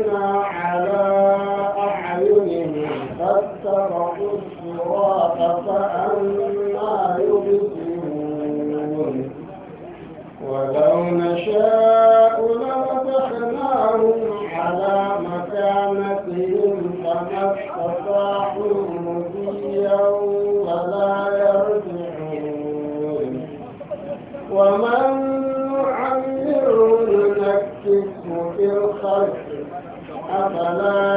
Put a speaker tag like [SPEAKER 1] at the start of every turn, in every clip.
[SPEAKER 1] على أعينهم فاسترى ولا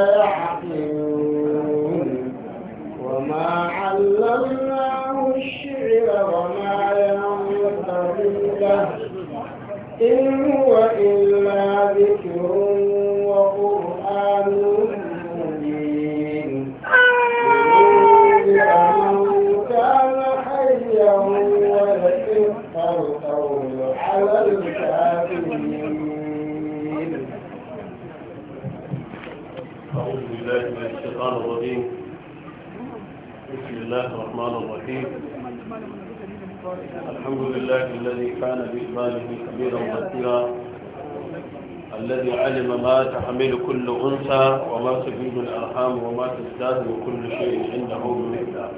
[SPEAKER 2] تحمل كل أنثى
[SPEAKER 3] وما تفيد الأرحام وما تزداد وكل شيء عنده بمقدار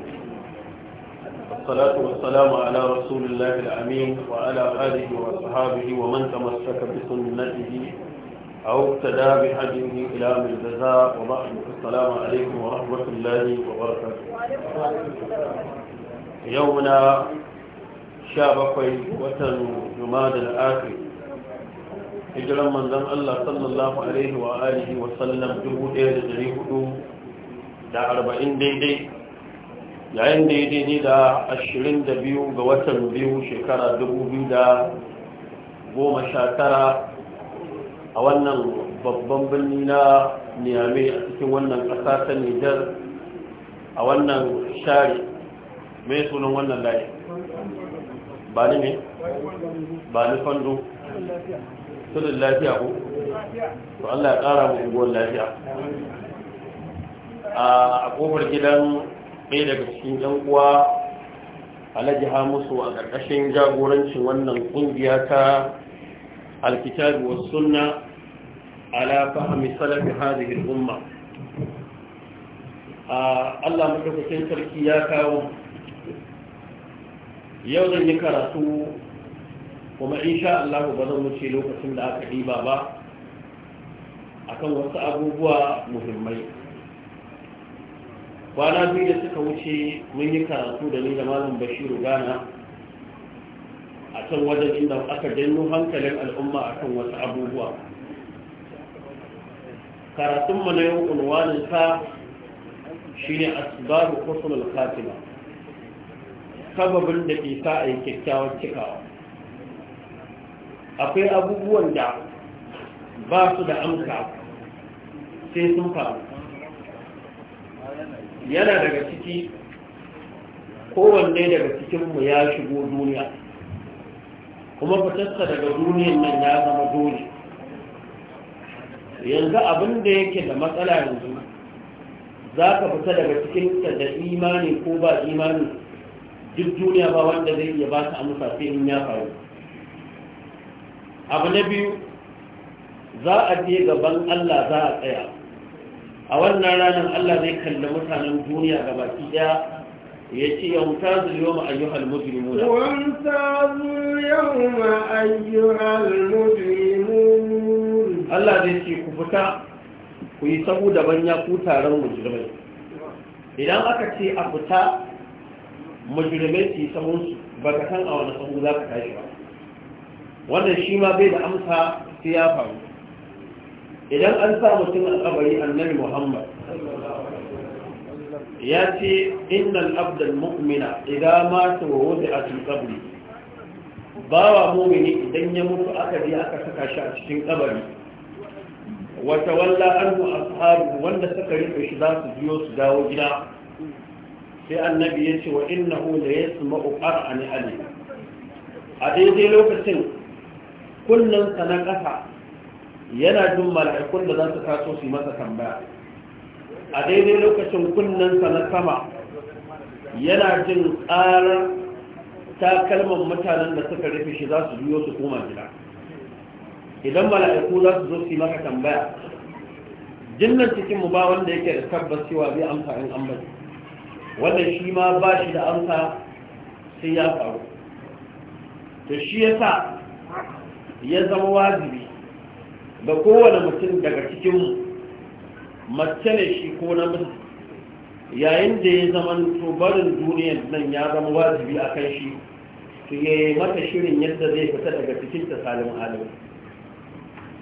[SPEAKER 3] الصلاة والسلام على رسول الله الأمين وعلى آله وأصحابه ومن تمسك بسنته أو ابتدى بحجمه إلى من الجزاء وبعد السلام عليكم ورحمة الله وبركاته يومنا شابقي وتن جماد الآخر hijiran manzan Allah sallallahu alaihi wa alihi wa sallam 1440 daidai yayin da ya daidai da 22 ga watan biyu shekara 2019 a wannan babban birni na niyame a cikin wannan ƙasa ta nijar a wannan shari mai sunan wannan layi ba ni ne ba ni fando tudun lafiya ko to Allah ya ƙara mu unguwar lafiya a ƙofar gidan ɗaya daga cikin yan uwa alhaji hamusu a ƙarƙashin jagorancin wannan ƙungiya ta alkitabi wasu sunna ala a salafi hadhihi al-umma Allah kusan sarki ya kawo yau zan yi karatu kuma sha Allah ba zan wuce lokacin da aka riba ba akan wasu abubuwa muhimmai kwana biyu da suka wuce mun yi karatu da ni da malam bashiru gana a kan wajen inda aka janyo hankalin al'umma akan wasu abubuwa karatunmu na yau unwanin sa shi ne asibaru kusurul katima sababin da ke sa a yi kyakkyawar cikawa akwai abubuwan da ba su da amsa sai sun faru yana daga ciki kowanne daga cikinmu ya shigo duniya kuma fitarsa daga duniyan nan ya zama dole yanzu abin da yake da matsala yanzu za ka fita daga cikinta da imani ko ba imani duk duniya ba wanda zai iya ba ta amsa sai in ya faru abu na biyu za a je gaban Allah za a tsaya a wannan ranar Allah zai kalli mutanen duniya ga baki ɗaya, ya ce yauta zuwa ayyuhal mujrimuna
[SPEAKER 1] wanta zuwa
[SPEAKER 3] ayyuhal mujrimun Allah zai ce ku fita ku yi sabu ban ya ku taron mujirmai idan aka ce a fita mujirmai su samun sabon su ba ka san a wani sabu za ka tashi ba wannan shi ma bai da amsa sai ya faru idan an sa mutum a kabari annabi muhammad ya ce innal abdal mu'mina idan mata wa wuce a cikin kabari bawa mumini idan ya mutu aka biya aka saka shi a cikin kabari wata walla annu ashabu wanda suka rike shi za su biyo su dawo gida sai annabi ya ce wa innahu la yasma'u a ali a daidai lokacin kullun sa na ƙasa yana jin mala'ikun da za su taso su masa tambaya a daidai lokacin kullun sa na sama yana jin ƙarar takalman mutanen da suka rufe shi za su biyo su koma gida idan mala'iku za su zo su masa tambaya jinnan cikin mu ba wanda yake da tabbas cewa zai amsa in an bari wanda shi ma ba shi da amsa sai ya faru to shi yasa ya zama wajibi ga kowane mutum daga cikin mace ne shi ko namiji yayin da ya zama barin duniya nan ya zama wajibi a kan shi su ya yi mata shirin yadda zai fita daga cikin ta salim halin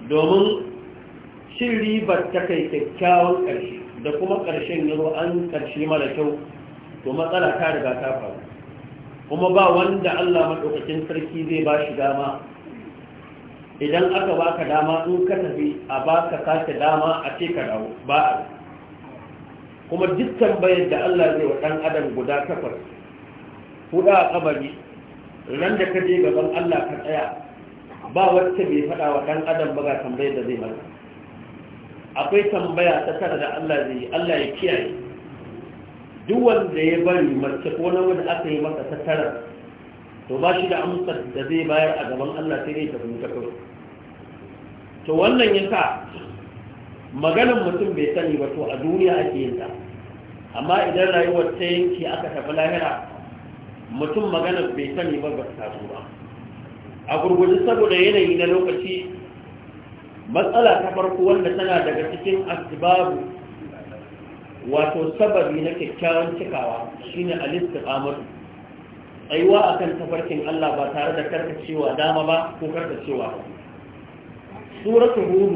[SPEAKER 3] domin cin ribar ta kai kyakkyawan ƙarshe da kuma ƙarshen yaro an ƙarshe mara kyau to matsala ta riga ta faru kuma ba wanda allah maɗaukacin sarki zai ba shi dama idan aka baka dama in ka tafi a baka sake dama a ce ka dawo ba a kuma duk tambayar da Allah zai wa dan adam guda takwas huda a kabari ran da ka je gaban Allah ka tsaya ba wacce bai faɗa wa dan adam ba ga tambayar da zai mata akwai tambaya ta tara da Allah zai yi Allah ya kiyaye duk wanda ya bari mace ko wani aka yi masa ta tara to ba shi da amsar da zai bayar a gaban Allah sai ne ta fahimta kawai to wannan yasa maganar mutum bai sani ba to a duniya ake yin ta amma idan rayuwar ta yanke aka tafi lahira mutum maganar bai sani ba ba ta ba a gurgudu saboda yanayi na lokaci matsala ta farko wanda tana daga cikin asibabu, wato sababi na kyakkyawan cikawa shine al Amadu. tsayuwa akan tafarkin Allah ba tare da karkacewa dama ba ko karkacewa ba suratul hud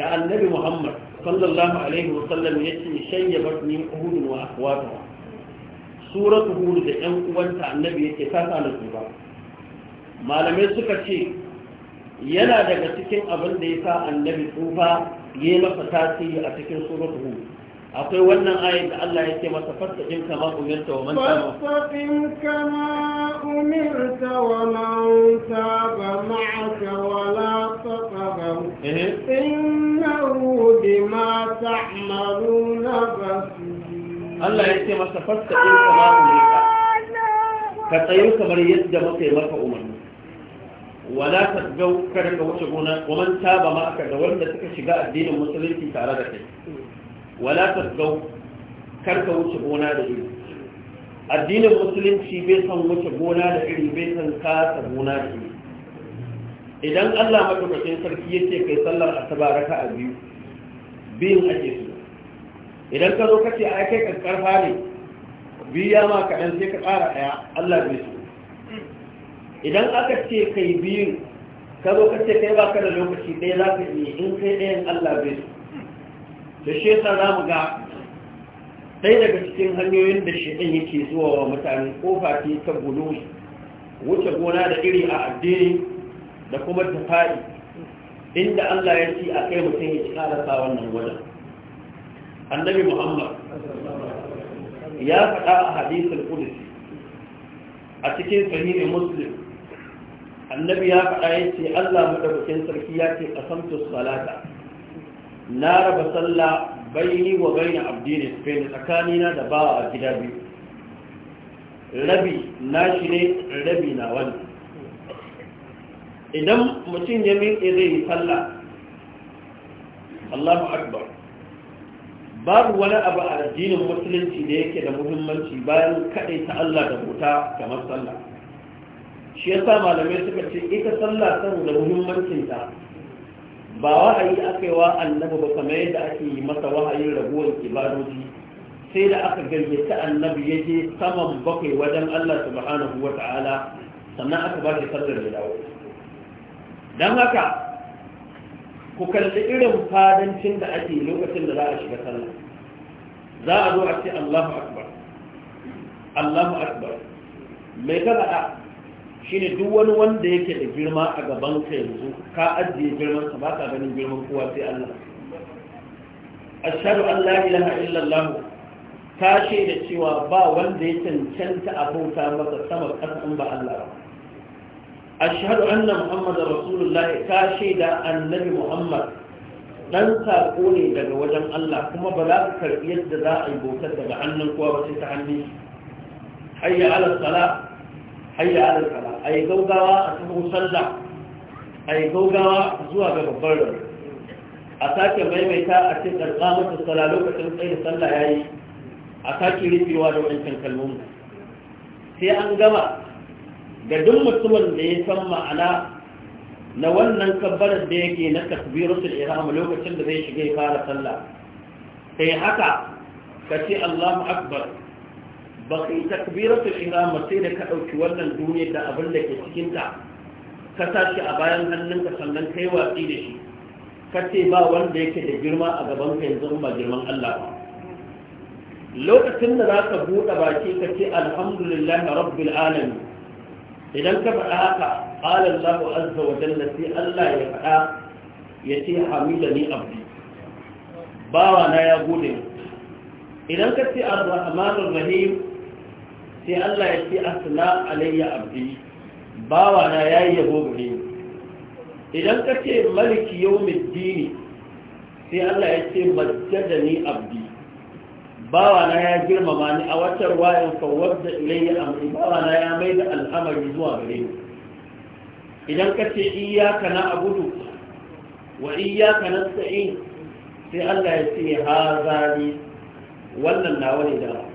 [SPEAKER 3] da annabi Muhammad sallallahu alaihi wa sallam yace shayyabat min uhud wa akhwatuha suratul hud da 'yan uwanta annabi yake ta sa ba malamai suka ce yana daga cikin abin da ya sa annabi tsufa ya masa tasiri a cikin suratul hud akwai wannan ayat da Allah ya ce masa fastaqim kama umirta wa man taba
[SPEAKER 1] fastaqim kama umirta wa man taba ma'aka wa la taqabu eh. innahu bima ta'maluna basir
[SPEAKER 3] Allah ya ce masa farta fastaqim kama umirta ka tsayu kamar yadda muka yi maka umarni wala tasgau kada ka wuce gona wa man taba ma'aka da wanda suka shiga addinin musulunci tare da kai wala gau karka wuce gona da iri addinin musulunci bai san wuce gona da iri bai san kasa gona da iri idan Allah madaukakin sarki yake kai sallar asaba a biyu biyun ake su idan ka zo kace ai kai karfa ne biya ma kaɗan sai ka ƙara ɗaya Allah bai su idan aka ce kai biyun ka zo kace kai baka da lokaci ɗaya za ka yi in kai ɗayan Allah bai su da shi za mu ga ɗaya daga cikin hanyoyin da ɗin yake zuwa wa mutane kofa ce ta gudu wuce gona da iri a addini da kuma tafa'i inda Allah ya ci a kai mutum ya ci karasa wannan wajen annabi muhammad ya faɗa a hadisul kudus a cikin sahihi muslim annabi ya faɗa ce Allah madaukakin sarki ya ce qasamtu salata na raba sallah baini wa baina abdini Spain tsakanina da ba a gida biyu rabi na shi ne rabi na wani idan mutum ya miƙe zai yi sallah Allahu akbar babu wani abu a addinin musulunci da yake da muhimmanci bayan kaɗai ta Allah da bauta kamar sallah shi yasa malamai suka ce ita sallah saboda muhimmancinta ba wahayi aka yi wa annabi ba kamar yadda ake yi masa wahayin raguwar ibadoji sai da aka gayyaci annabi ya je saman bakwai wajen Allah subhanahu wa ta'ala sannan aka ba shi sallar da dawo don haka ku kalli irin fadancin da ake lokacin da za a shiga sallah za a zo a ce Allahu akbar Allahu akbar mai ka faɗa shine duk wani wanda yake da girma a gaban ka yanzu ka ajiye girman ka baka ganin girman kowa sai Allah ashhadu an la ilaha illallah ka shaida cewa ba wanda ya cancanta a bauta masa sama kasan ba Allah ashhadu anna muhammadar rasulullahi ka shaida annabi muhammad dan sako ne daga wajen Allah kuma ba za ka karbi yadda za a yi bautar daga hannun kowa ba sai ta hannun hayya ala salat hayya alal fala ai gaugawa a taho sallah ai gaugawa zuwa ga babbar rabu a sake maimaita a cikin karɓa mata lokacin tsaye da sallah yi a sake rufewa da wancan kalmomi sai an gama ga duk mutumin da ya san ma'ana na wannan kabbalar da yake na takbiratul ihram lokacin da zai shiga ya fara sallah sai haka ka ce Allahu akbar ba kai takbiratul ihram sai da ka dauki wannan duniyar da abin da ke cikin ta ka tashi a bayan hannunka sannan kai watsi da shi ka ce ba wanda yake da girma a gaban ka yanzu ba girman Allah ba lokacin da za ka buɗe baki ka ce alhamdulillah rabbil alamin idan ka faɗa haka qala Allahu azza wa jalla sai Allah ya faɗa ya ce hamidani abdi bawa na ya gode idan ka ce arrahmanir rahim sai Allah ya ce asna alayya abdi bawa na yayi yabo gare ni idan ka ce maliki yawmiddini sai Allah ya ce majjadani abdi bawa na ya girmama ni a watar wayan fawar da ilayya amri bawa na ya mai da al'amari zuwa gare ni idan ka ce iyaka na abudu wa iyaka nasta'in sa'in sai Allah ya ce hazali wannan nawa ne da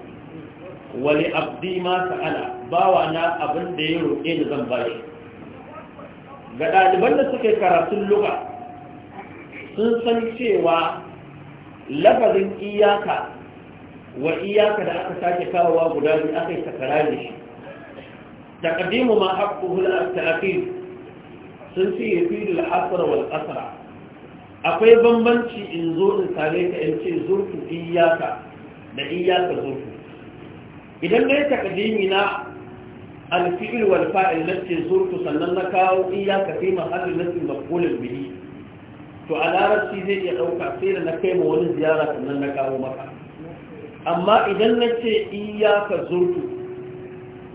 [SPEAKER 3] wali abdi ma sa'ala bawa na abin da ya roƙe ni zan bashi ga ɗaliban da suke karatun luga sun san cewa lafazin iyaka wa iyaka da aka sake kawowa guda biyu aka yi takara da shi taqdimu ma haqquhu al-ta'khir sun fi yufidu al-asr wal asra akwai bambanci in zo in sare ka in ce zurtu iyaka da iyaka zurtu idan dai takadimi na alfi'il wal fa'il lati zurtu sannan na kawo iyaka fi mahallin lati maqulun bihi to a larabci zai iya ɗauka sai da na kai ma wani ziyara sannan na kawo maka amma idan na ce iyaka zurtu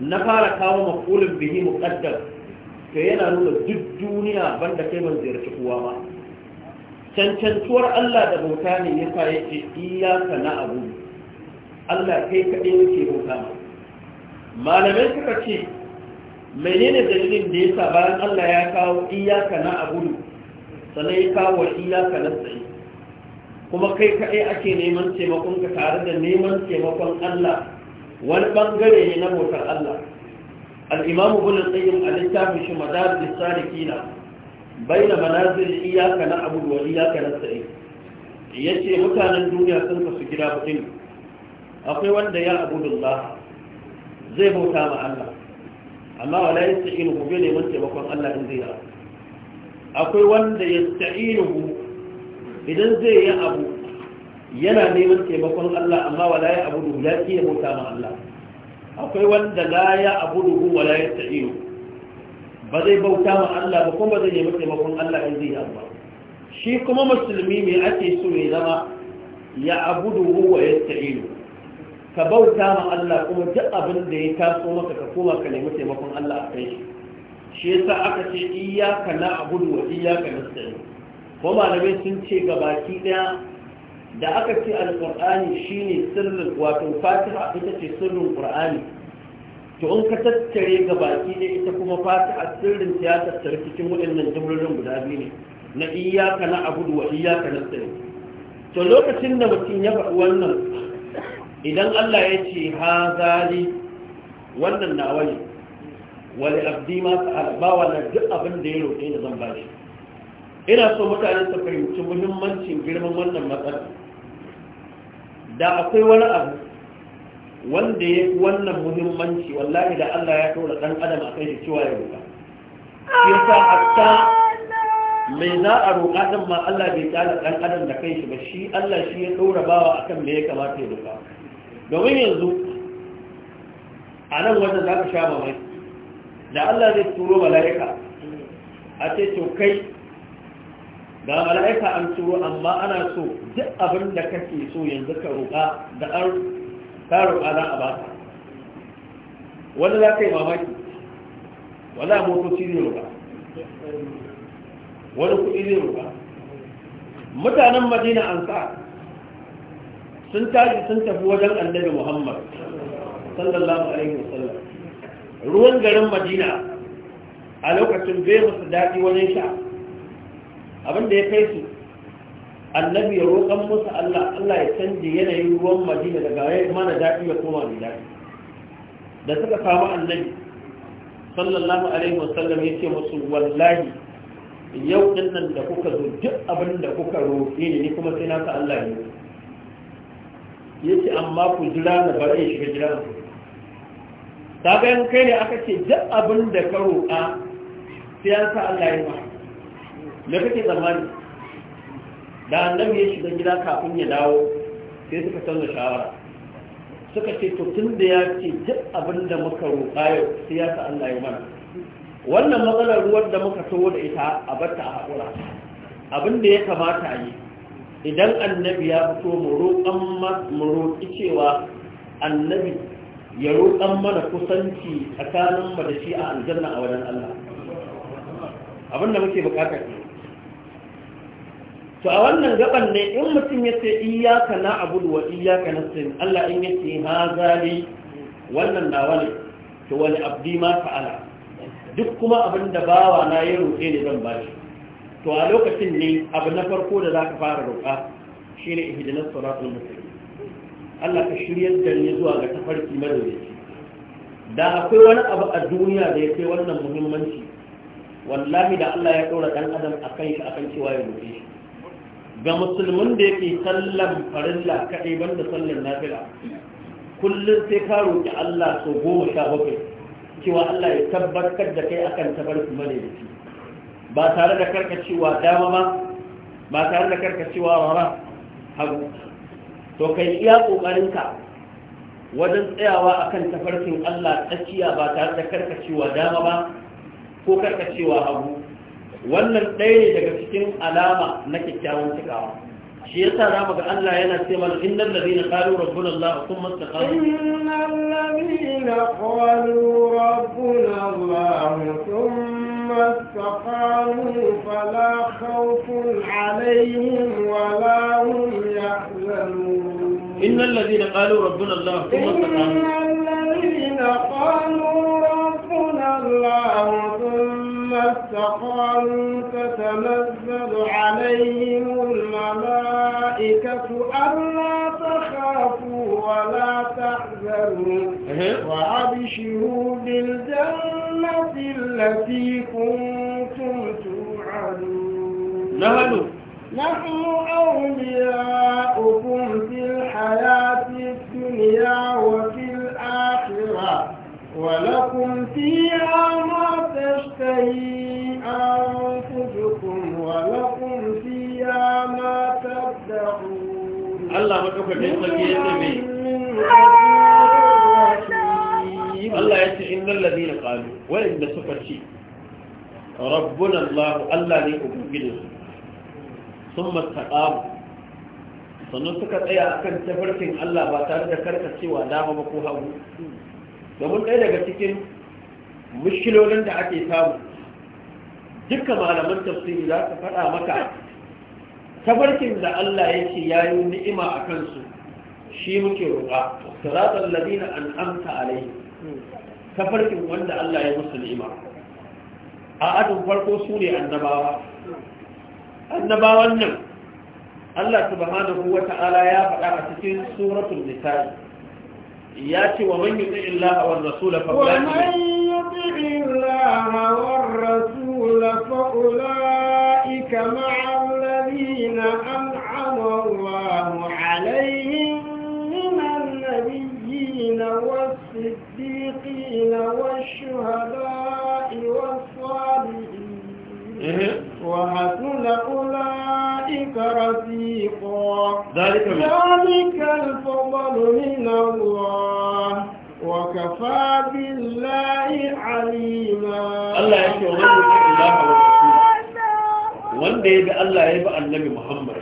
[SPEAKER 3] na fara kawo maqulun bihi muqaddam to yana nuna duk duniya banda kai ban ziyarci kowa ba cancantuwar Allah da bauta ne yasa yake iyaka na abu Allah kai kaɗai muke bauta malamai suka ce menene dalilin da yasa bayan Allah ya kawo iyaka na abudu sannan ya kawo iyaka na tsaye kuma kai kaɗai ake neman taimakon ka tare da neman taimakon Allah wani bangare ne na bautar Allah al-imam ibn a littafin shi madaris salikina baina manazil iyaka na abudu iyaka na tsaye ce mutanen duniya sun kasu gida hudu akwai wanda ya abudu Allah zai bauta ma Allah amma wala yasta'inuhu bai neman taimakon Allah in zai akwai wanda yasta'inuhu idan zai yi abu yana neman taimakon Allah amma wala ya abudu ya ki ya bauta ma Allah akwai wanda la ya abudu wala yasta'inuhu ba zai bauta ma Allah ba kuma zai nemi taimakon Allah in zai ba. shi kuma musulmi mai ake so ya zama ya abudu wa yasta'inuhu ka bauta ma Allah kuma duk abin da ya taso maka ka koma ka nemi taimakon Allah a kai shi shi yasa aka ce iyyaka na'budu wa iyyaka nasta'in ko malamai sun ce gabaki daya da aka ce alqur'ani shine sirrin wato fatiha ita ce sirrin qur'ani to in ka tattare gabaki daya ita kuma fatiha sirrin ta ya tattare cikin waɗannan jumlolin guda biyu ne na iyyaka na'budu wa iyyaka nasta'in to lokacin da mutum ya faɗi wannan idan Allah ya ce ha zali wannan na ne wani abdi ma ba wannan duk abin da ya roƙe da zan ba shi ina so mutane su fahimci muhimmancin girman wannan matsala da akwai wani abu wanda ya fi wannan muhimmanci wallahi da Allah ya tura ɗan adam a kai shi cewa ya roƙa
[SPEAKER 4] shi yasa hatta
[SPEAKER 3] mai za a roƙa ɗin ma Allah bai tsala ɗan adam da kai shi ba shi Allah shi ya ɗora bawa akan me ya kamata ya roƙa domin yanzu a nan wajen za ka sha mamaki da Allah zai turo mala'ika a ce to kai ga mala'ika an turo amma ana so duk abin da kake so yanzu ka roƙa da an ka roƙa za a ba ka wanda za ka yi mamaki wanda motoci zai roƙa wani kuɗi zai roƙa mutanen madina an sa sun tashi sun tafi wajen annabi muhammad sallallahu alaihi wasallam ruwan garin madina a lokacin bai musu daɗi wajen sha da ya kai su annabi ya roƙon musu allah allah ya canje yanayin ruwan madina daga ya mana daɗi ya koma mai daɗi da suka samu annabi sallallahu alaihi wasallam ya ce musu wallahi yau ɗin nan da kuka zo duk abin da kuka roƙe ni kuma sai na ka allah ne yake amma ku jira na bare shiga jira na ta ga in kai ne aka ce duk abin da ka roƙa sai an sa Allah ya ba me kake tsammani da annabi ya shiga gida kafin ya dawo sai suka canza shawara suka ce to tun da ya ce duk abin da muka roƙa yau sai ya sa Allah ya mana wannan matsalar ruwan da muka tawo da ita a batta a haƙura abin da ya kamata a yi idan annabi ya fito mu roƙi cewa annabi ya roƙan mana kusanci tsakanin mu da shi a aljanna a wajen Allah abin da muke bukatar ne to a wannan gaban ne in mutum ya ce iyaka na abu wa iyaka na sin Allah in ya ce ha zali wannan na wani, to wani abdi ma ta'ala duk kuma abinda da bawa na ya roƙe ne zan bashi to a lokacin ne abu na farko da za ka fara roƙa shi ne ihidinar suratul mustaqim Allah ka shirya da ne zuwa ga tafarki madaidaici da akwai wani abu a duniya da ya kai wannan muhimmanci wallahi da Allah ya ɗora ɗan adam a kan shi a kan cewa ya roƙe shi ga musulmin da yake sallan farilla kaɗai ban da sallan nafila kullum sai ka roƙi Allah sau goma sha bakwai cewa Allah ya tabbatar da kai akan tafarki madaidaici ba tare da karkacewa dama ba ba tare da karkacewa rara hagu to kai iya ƙoƙarinka wajen tsayawa akan tafarkin Allah tsakiya ba tare da karkacewa dama ba ko karkacewa hagu wannan ɗaya ne daga cikin alama na kyakkyawan cikawa shi yasa za mu ga Allah yana ce mana innal ladina qalu rabbuna Allah thumma istaqamu
[SPEAKER 1] innal ladina qalu إن
[SPEAKER 3] الذين قالوا ربنا الله ثم استقاموا
[SPEAKER 1] إن الذين قالوا ربنا الله ثم استقاموا تتنزل عليهم الملائكة ألا تخافوا ولا تحزنوا وأبشروا بالجنة التي كنتم توعدون نهلوا نحن madaukakin sarki ya ce mai
[SPEAKER 4] Allah ya
[SPEAKER 3] ce innal ladina qalu wa'inda suka ce rabbuna Allah Allah ne ubangijin su sun mastaqamu sannan suka tsaya akan tafarkin Allah ba tare da karkacewa dama ba ko hagu domin ɗaya daga cikin mushkilolin da ake samu dukkan malaman tafsiri za su faɗa maka tabarkin da Allah yake yayi ni'ima a kansu shi muke roƙa siratal ladina an'amta alaihi tabarkin wanda Allah ya musu ni'ima a adun farko su ne annabawa annabawan nan Allah subhanahu wata'ala ya faɗa a cikin suratul nisa'i ياتي ومن يطع الله والرسول
[SPEAKER 1] فأولئك مع الذين أنعم الله عليهم من النبيين والصديقين والشهداء والصالحين إيه؟ وحسن أولئك رفيقا ذلك الفضل من الله وكفى بالله عليما الله يشهد الله إله
[SPEAKER 3] وندي بالله يبى النبي محمد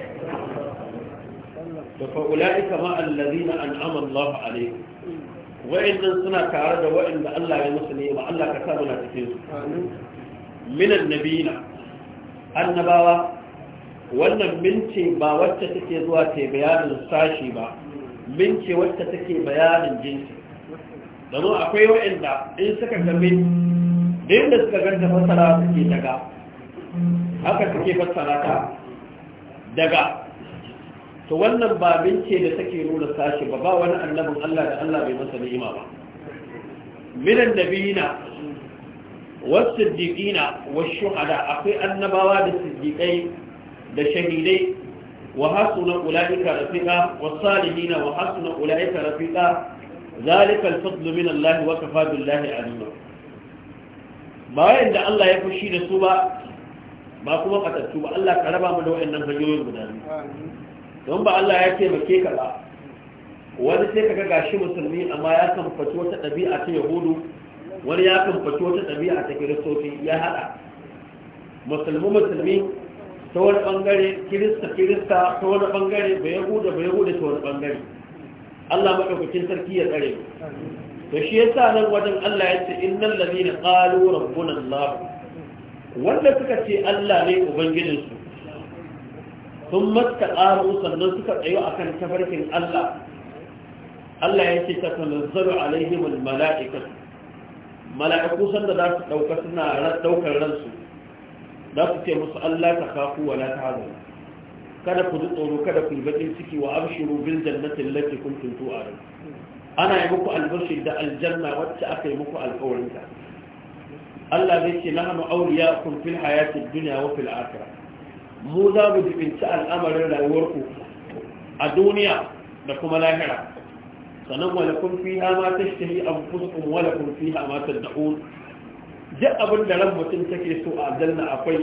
[SPEAKER 3] فاولئك ما الذين انعم الله عليهم وان سنا تعرض وان الله يمسني وان الله كتبنا في minan nabina annabawa wannan mince ba wacce take zuwa ta bayanin sashi ba mince wacce take bayanin jinsi domin akwai wa'inda in suka gami da yadda suka ganta fassara suke daga haka suke fassara ta daga to wannan ba mince da take nuna sashi ba ba wani annabin Allah da Allah bai masa ni'ima ba minan Nabina. wasu washuhada akwai annabawa da siddiƙai da shahidai wa hasuna ulaika rafiqa wasalihin wa hasuna ulaika rafiqa zalika alfadlu min Allah wa kafa billahi alima bayan da Allah ya fushi da su ba ba kuma katattu ba Allah ka raba mu da wayannan hanyoyin guda don ba Allah ya ce make ka ba wani sai ga gashi musulmi amma ya san fato wata ɗabi'a ta yahudu wani ya kamfaci wata ɗabi'a ta kiristoci ya haɗa musulmi musulmi ta wani ɓangare kirista kirista ta wani ɓangare bai yahuda bai yahuda ta wani ɓangare Allah maɗaukakin sarki ya tsare Da shi ya sa nan wajen Allah ya ce innal ladina qalu rabbuna Allah wanda suka ce Allah ne ubangijinsu sun matka ƙaru sannan suka tsayo a kan tafarkin Allah Allah ya ce ta tanazzaru alaihimul mala'ikatu mala'iku sanda za su ɗauka suna ɗaukar ransu za su ce musu Allah ta kafu wa ta tahzan kada ku ji tsoro kada ku yi baƙin ciki wa abshiru bil jannati allati kuntum tu'adun ana yi muku albashir da aljanna wacce aka yi muku alƙawarin ta Allah zai ce nahnu awliya'ukum fil hayati dunya wa fil akhirah mu za mu jibinci al'amarin rayuwarku a duniya da kuma lahira sannan walakun fiha ma tashtahi da walakum fiha ma tad'un duk abin da ran mutum take so a aljanna akwai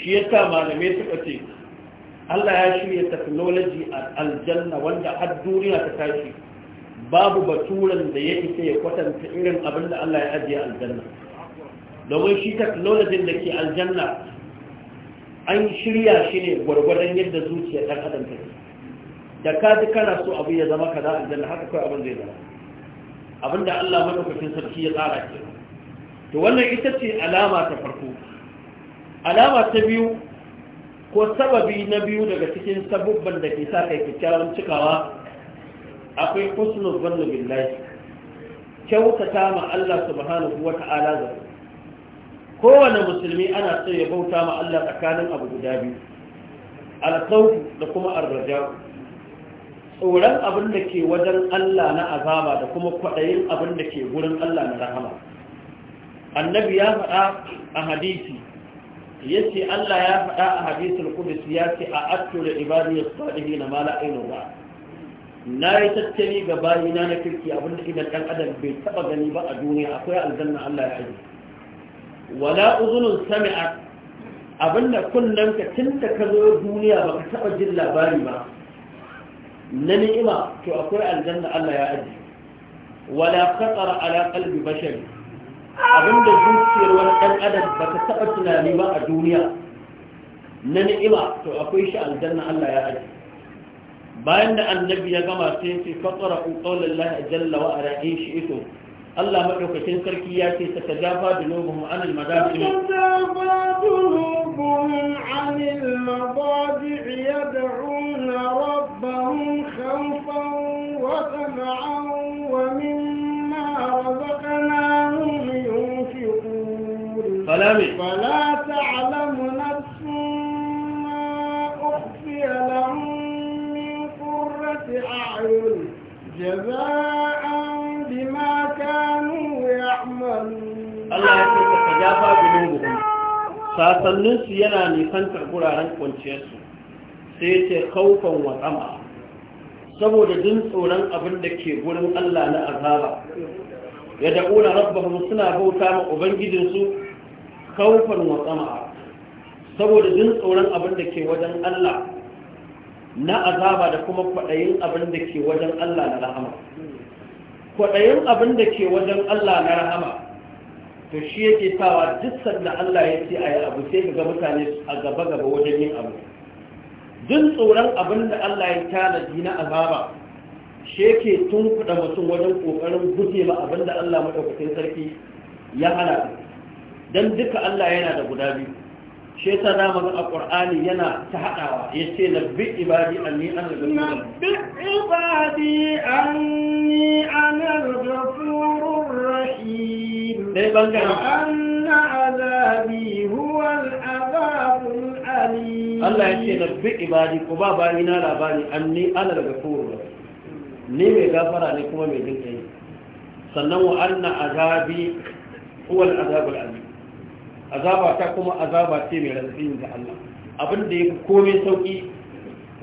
[SPEAKER 3] shi sa malamai suka ce Allah ya shirya technology a aljanna wanda har duniya ta tashi babu baturan da ya isa ya kwatanta irin abin da Allah ya ajiye aljanna domin shi technology da ke aljanna an shirya shi ne gwargwadon yadda zuciya ɗan adam take da ka ji kana so abu ya zama kaza aljanna haka kai abin zai zama abinda Allah madaukakin sarki ya tsara ke to wannan ita ce alama ta farko alama ta biyu ko sababi na biyu daga cikin sabubban da ke sa kai kyakkyawan cikawa akwai husnul zannu billahi kyautata ma Allah subhanahu wata'ala da kowane musulmi ana so ya bauta ma Allah tsakanin abu guda biyu al da kuma ar tsoron abin da ke wajen Allah na azaba da kuma kwaɗayin abin da ke gurin Allah na rahama annabi ya faɗa a hadisi ya ce Allah ya faɗa a hadisul kudus ya ce a atto da ibadiyar salihi na mala na yi tattali ga bayina na kirki abinda idan ɗan adam bai taɓa gani ba a duniya akwai aljanna Allah ya aiki wala uzunun sami'a abinda kunnen ka tun da ka zo duniya ba ka taɓa jin labari ba na ni'ima to akwai aljanna Allah ya aji wala khatar ala qalbi bashar abinda zuciyar wani dan adam ba ta taba tunani ba a duniya na ni'ima to akwai shi aljanna Allah ya aji bayan da annabi ya gama sai ce fatara ku qaulallahi jalla wa ala shi ito Allah madaukakin sarki ya ce ta tajafa da nubuhum anil madafi
[SPEAKER 1] tajafa madafi خوفا وطمعا ومما رزقناهم ينفقون فلا, فلا تعلم نفس ما أخفي لهم من قرة أعين جزاء بما كانوا يعملون الله يكفيك تجافى جنوبهم
[SPEAKER 3] sasanninsu yana nisantar guraren kwanciyarsu sai ce kaufan wa tsama saboda jin tsoron abin da ke gurin Allah na azaba ya ƙuna, rabbahum suna bauta ma ubangijinsu kaufan wa tsama'a saboda jin tsoron abin da ke wajen Allah na azaba da kuma kwaɗayin abin da ke wajen Allah na rahama kwaɗayin abin da ke wajen Allah na rahama to shi yake sawa duk sanda Allah ya ce a yi abu sai ga mutane a gaba-gaba wajen yin abu Duk tsoron abin da Allah ya tanadi na azaba she ke tun kuɗa mutum wajen ƙoƙarin guje ma abin da Allah sarki ya hana don duka Allah yana da guda biyu she ta dama a ƙur'ani yana ta haɗawa ya ce na bi ibadi an ni an na
[SPEAKER 1] bi ibadi an ni an rubu rahim dai an na azabi huwa al'azabun
[SPEAKER 3] Allah ya ce rabbi ibadi ko ba bani na labari anni ana daga furu ni mai gafara ne kuma mai jin kai sannan wa anna azabi huwa al-azab al azaba ta kuma azaba ce mai rantsi ga Allah abin da fi komai sauki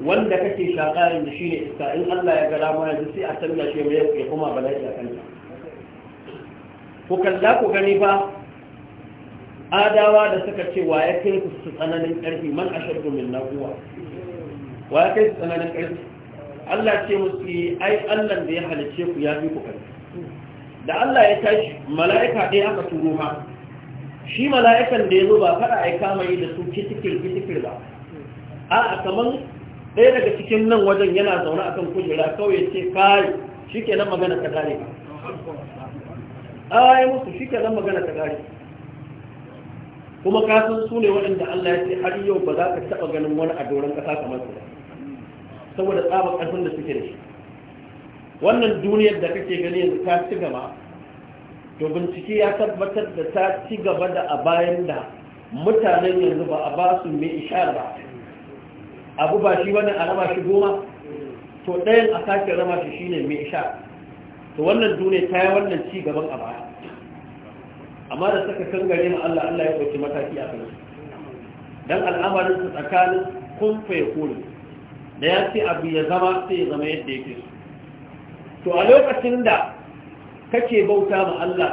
[SPEAKER 3] wanda kake shakarin da shine iska in Allah ya gara mana yanzu sai a sanya shi mai ya kuma bala'i a kanta ku kalla ku gani fa adawa da suka ce wa ya kai su tsananin ƙarfi man ashaddu min kuwa wa ya kai su tsananin ƙarfi Allah ce musu ai Allah da ya halice ku ya fi ku ƙarfi da Allah ya tashi mala'ika ɗaya aka turo ha shi mala'ikan da ya zo ba fara ai kama yi da su kitikir kitikir ba a kaman ɗaya daga cikin nan wajen yana zaune akan kujera kawai ce kai nan magana ta gare ya musu nan magana ta gare kuma ka san su ne waɗanda Allah ya ce har yau ba za ka taɓa ganin wani a doron ƙasa kamar su saboda tsabar ƙarfin da suke da shi wannan duniyar da kake gani yanzu ta ci gaba to bincike ya tabbatar da ta ci gaba da a bayan da mutanen yanzu ba a ba su mai ba abu ba shi wani a raba shi goma to ɗayan a sake raba shi shine mai ishar to wannan duniya ta yi wannan ci gaban a baya amma da suka gare mu Allah Allah ya ɗauki mataki a kansu dan al'amarin su tsakanin kun fa yakuni da ya ce abu ya zama sai ya zama yadda yake so to a lokacin da kake bauta ma Allah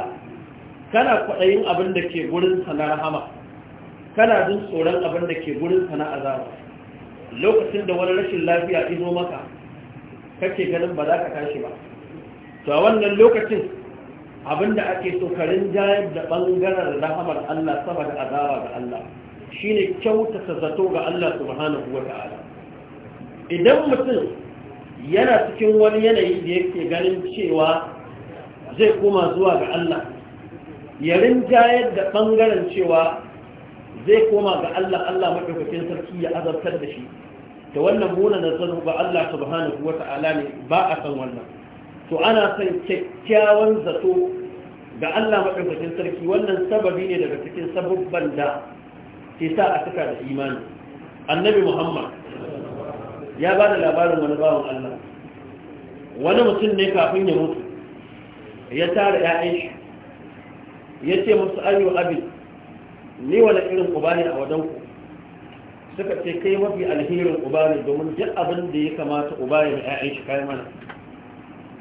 [SPEAKER 3] kana kwaɗayin abin da ke gurin sa na rahama kana jin tsoron abin da ke gurin sa na azaba lokacin da wani rashin lafiya ya zo maka kake ganin ba za ka tashi ba to a wannan lokacin Abin da ake so karin jayar da bangaren rahamar Allah sama da azaba ga Allah shine kyautata zato ga Allah subhanahu wata'ala idan mutum yana cikin wani yanayi da yake ganin cewa zai koma zuwa ga Allah ya jayar da bangaren cewa zai koma ga Allah Allah madaukakin sarki ya azabtar da shi ta wannan muna nazarin ga Allah subhanahu wata'ala ne ba a san wannan to ana son kyakkyawan zato ga Allah maɗaukakin sarki wannan sababi ne daga cikin sababban da ke sa a suka da imani annabi muhammad ya ba da labarin wani bawan Allah wani mutum ne kafin ya mutu ya tara ‘ya'yan shi ya ce musu ayyu abin ni wani irin uba ne a wajen ku suka ce kai mafi alherin uba ne domin duk abin da ya kamata uba da ‘ya'yan shi kayan mana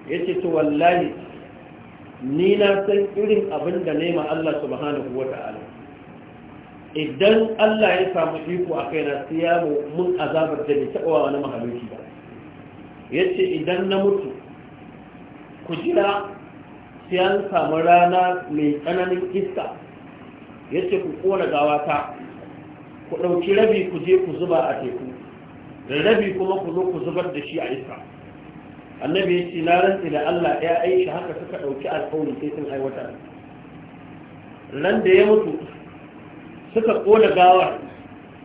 [SPEAKER 3] ya ce to wallahi ni na san irin abin da nema Allah subhanahu wa ta'ala idan Allah ya samu iko a kaina sai ya mun azabar da bai taɓa wani mahaluki ba ya ce idan na mutu ku jira sai an samu rana mai tsananin iska ya ce ku kona gawata ku ɗauki rabi ku je ku zuba a teku da rabi kuma ku zo ku zubar da shi a iska annabi ya ce na rantsi da Allah ya aisha haka suka ɗauki alƙawari sai sun aiwata nan da ya mutu suka ƙona gawar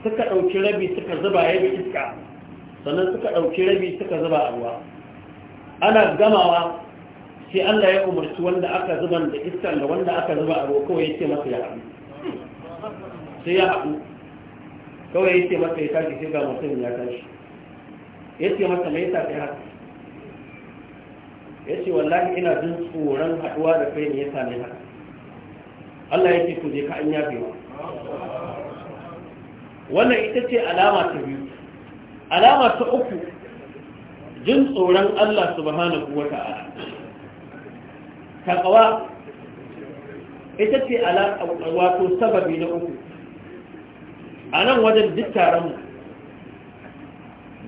[SPEAKER 3] suka ɗauki rabi suka zuba ya iska sannan suka ɗauki rabi suka zuba a ruwa ana gamawa sai Allah ya umarci wanda aka zuba da iskar da wanda aka zuba a ruwa kawai ya ce masa ya haɗu sai ya haɗu kawai ya ce masa ya tashi sai ga mutum ya tashi ya ce masa mai sa kai haka ya ce wallahi ina jin tsoron haɗuwa da kai ne ya same haka Allah ya ce ku je ka an yafe wa wannan ita ce alama ta biyu alama ta uku jin tsoron Allah subhanahu wa ta'ala taqwa ita ce wato sababi na uku a nan wajen duk taron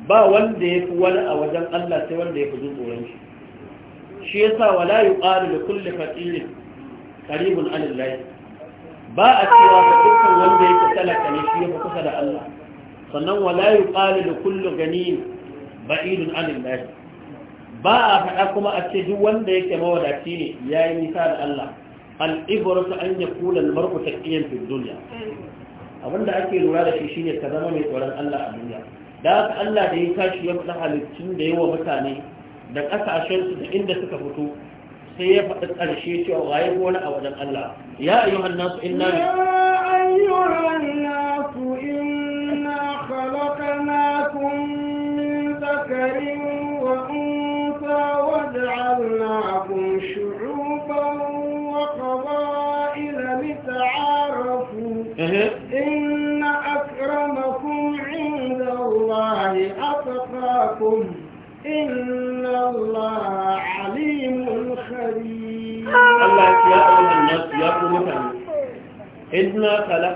[SPEAKER 3] ba wanda ya fi wani a wajen Allah sai wanda ya fi jin tsoron shi shi yasa wala yuqalu li kulli faqirin qaribun anillahi ba a cewa ga dukkan wanda ya talaka ne shi fi kusa da Allah sannan wala yuqalu li kulli ganiyin ba'idun anillahi ba a faɗa kuma a ce duk wanda yake mawadaci ne yayi nisa da Allah al'ibarsu an ya kula marku ta iyan fi duniya abinda ake lura da shi shine ka zama mai tsoron Allah a duniya da haka Allah da ya tashi ya da halittun da yawa mutane da su, da inda suka fito sai ya faɗi ƙarshe cewa waye gona a wajen Allah ya ayyuhan nasu inna ya
[SPEAKER 1] ayyuhan nasu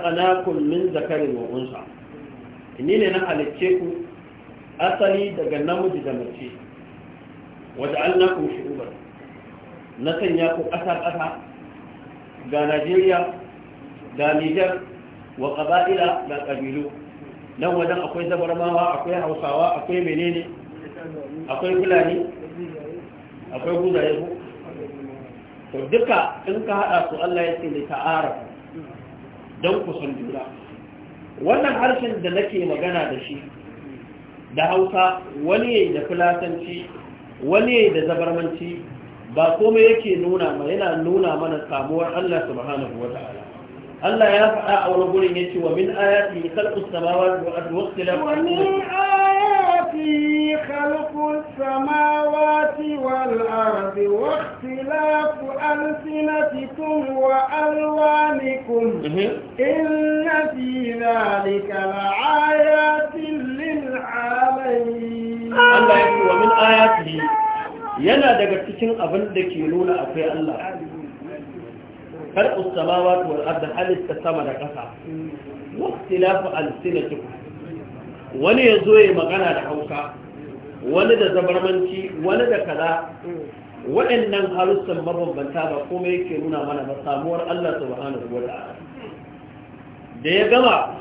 [SPEAKER 3] khalaqnakum min zakarin wa unsa ni ne na halicce ku asali daga namiji da mace wa ja'alnakum shu'uban na sanya ku ƙasa ƙasa ga Najeriya ga Niger wa qaba'ila ga ƙabilu nan wajen akwai zabarmawa akwai Hausawa akwai menene
[SPEAKER 2] akwai Fulani akwai guzaye ku
[SPEAKER 3] to duka in ka hada su Allah ya ce li ta'arafu don ku juna wannan harshen da nake magana da shi da hausa wani yayi da filatanci wani yayi da zabarmanci ba komai yake nuna ma yana nuna mana samuwar Allah subhanahu wata'ala Allah ya faɗa a wani gurin yace wa min ayati khalqus samawati wal ardi wa
[SPEAKER 1] فيه خلق السماوات والأرض واختلاف ألسنتكم وألوانكم إن في ذلك لآيات للعالمين الله يقول ومن آياته yana
[SPEAKER 3] daga cikin abin ke nuna akwai Allah da wani ya zo ya magana da hauka, wani da zabarmanci wani da kaza waɗannan harussan mabambanta ba kuma yake nuna mana ba samuwar Allah subhanahu wa ta'ala da ya gama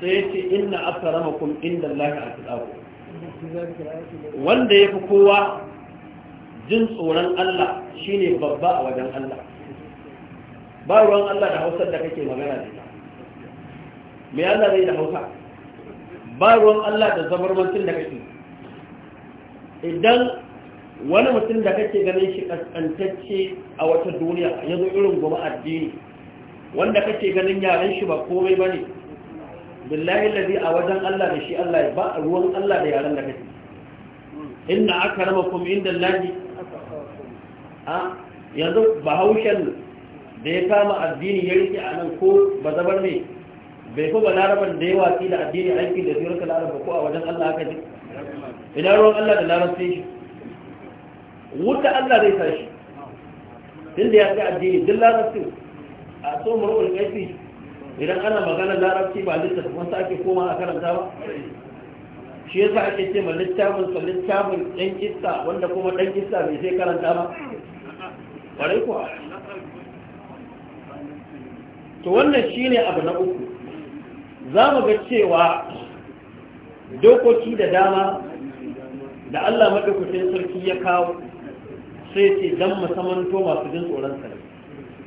[SPEAKER 3] sai ya ce rama akramakum inda Allah tsaro wanda ya fi kowa jin tsoron Allah shi ne babba a wajen Allah ba ruwan Allah da Hausar da kake magana da ita me Allah zai da Hausa ba ruwan Allah da mutum da kake idan wani mutum da kake ganin shi kaskantacce a wata duniya ya zo irin goma addini wanda kake ganin yaren shi ba komai ba ne billahi lalzi a wajen Allah da shi Allah ba ruwan Allah da yaren da kake inna aka rama kuma inda lalzi a yanzu bahaushen da ya kama addini ya rike a nan ko ba zabar ne bai fi ba da yawa fi da addini aiki da zuwa Laraba ko a wajen Allah aka ji idan ruwan Allah da laraba sai shi wuta Allah zai tashi din da ya fi addini din laraba sai a so murɓul ƙarfi idan ana magana larabci ba kuma sai ake koma a karanta ba shi yasa ake ce ma littafin sa littafin ɗan kissa wanda kuma ɗan kissa bai sai karanta ba bare kuwa to wannan shi ne abu na uku za mu ga cewa dokoki da dama da Allah madaukakin sarki ya kawo sai ce don musamman to masu jin tsoron sa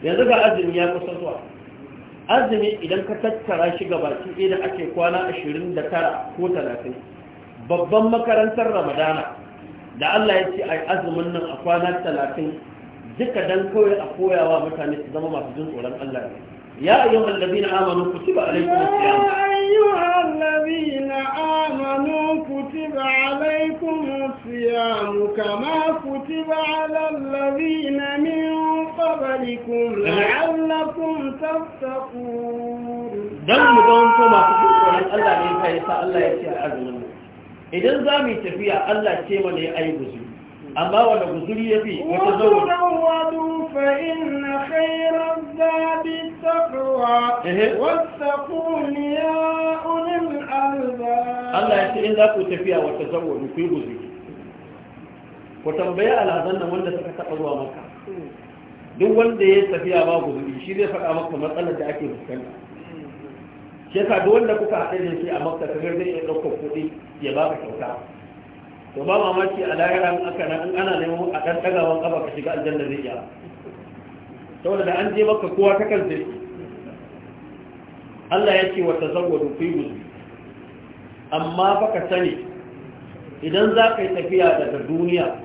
[SPEAKER 3] yanzu ga azumi ya kusa zuwa azumi idan ka tattara shi ga idan ɗaya da ake kwana 29 ko 30 babban makarantar ramadana da Allah ya ce a azumin nan a kwana 30 duka don kawai a koyawa mutane su zama masu jin tsoron Allah ne يا أيها الذين آمنوا كتب عليكم الصيام يا
[SPEAKER 1] أيها الذين آمنوا كتب عليكم الصيام كما كتب على الذين من قبلكم لعلكم تتقون دم مدونتو ما كتبتون الله ليس الله
[SPEAKER 3] يسير عزمنا إذا زامي تفيع الله تيما لي أي بزيو amma wanda guzuri ya fi wata zaune
[SPEAKER 1] wadu fa inna khairar zaɓi taɓuwa wata kuniya unin alba Allah ya
[SPEAKER 3] ce in za ku tafiya wata zaune ku yi guzuri ku tambayi alhazan nan wanda suka taɓa zuwa maka duk wanda ya tafiya ba guzuri shi zai faɗa maka matsalar da ake fuskanta shi yasa duk wanda kuka haɗe da shi a makka kamar zai iya ɗaukar kuɗi ya ba baka kyauta to ba mamaki a lahira an aka nan ana nemo a ɗan dagawan kaba ka shiga aljanna zai iya saboda da an je maka kowa ta kan zai Allah ya ce wa tazawwadu fi guzbi amma baka ka sani idan za ka yi tafiya daga duniya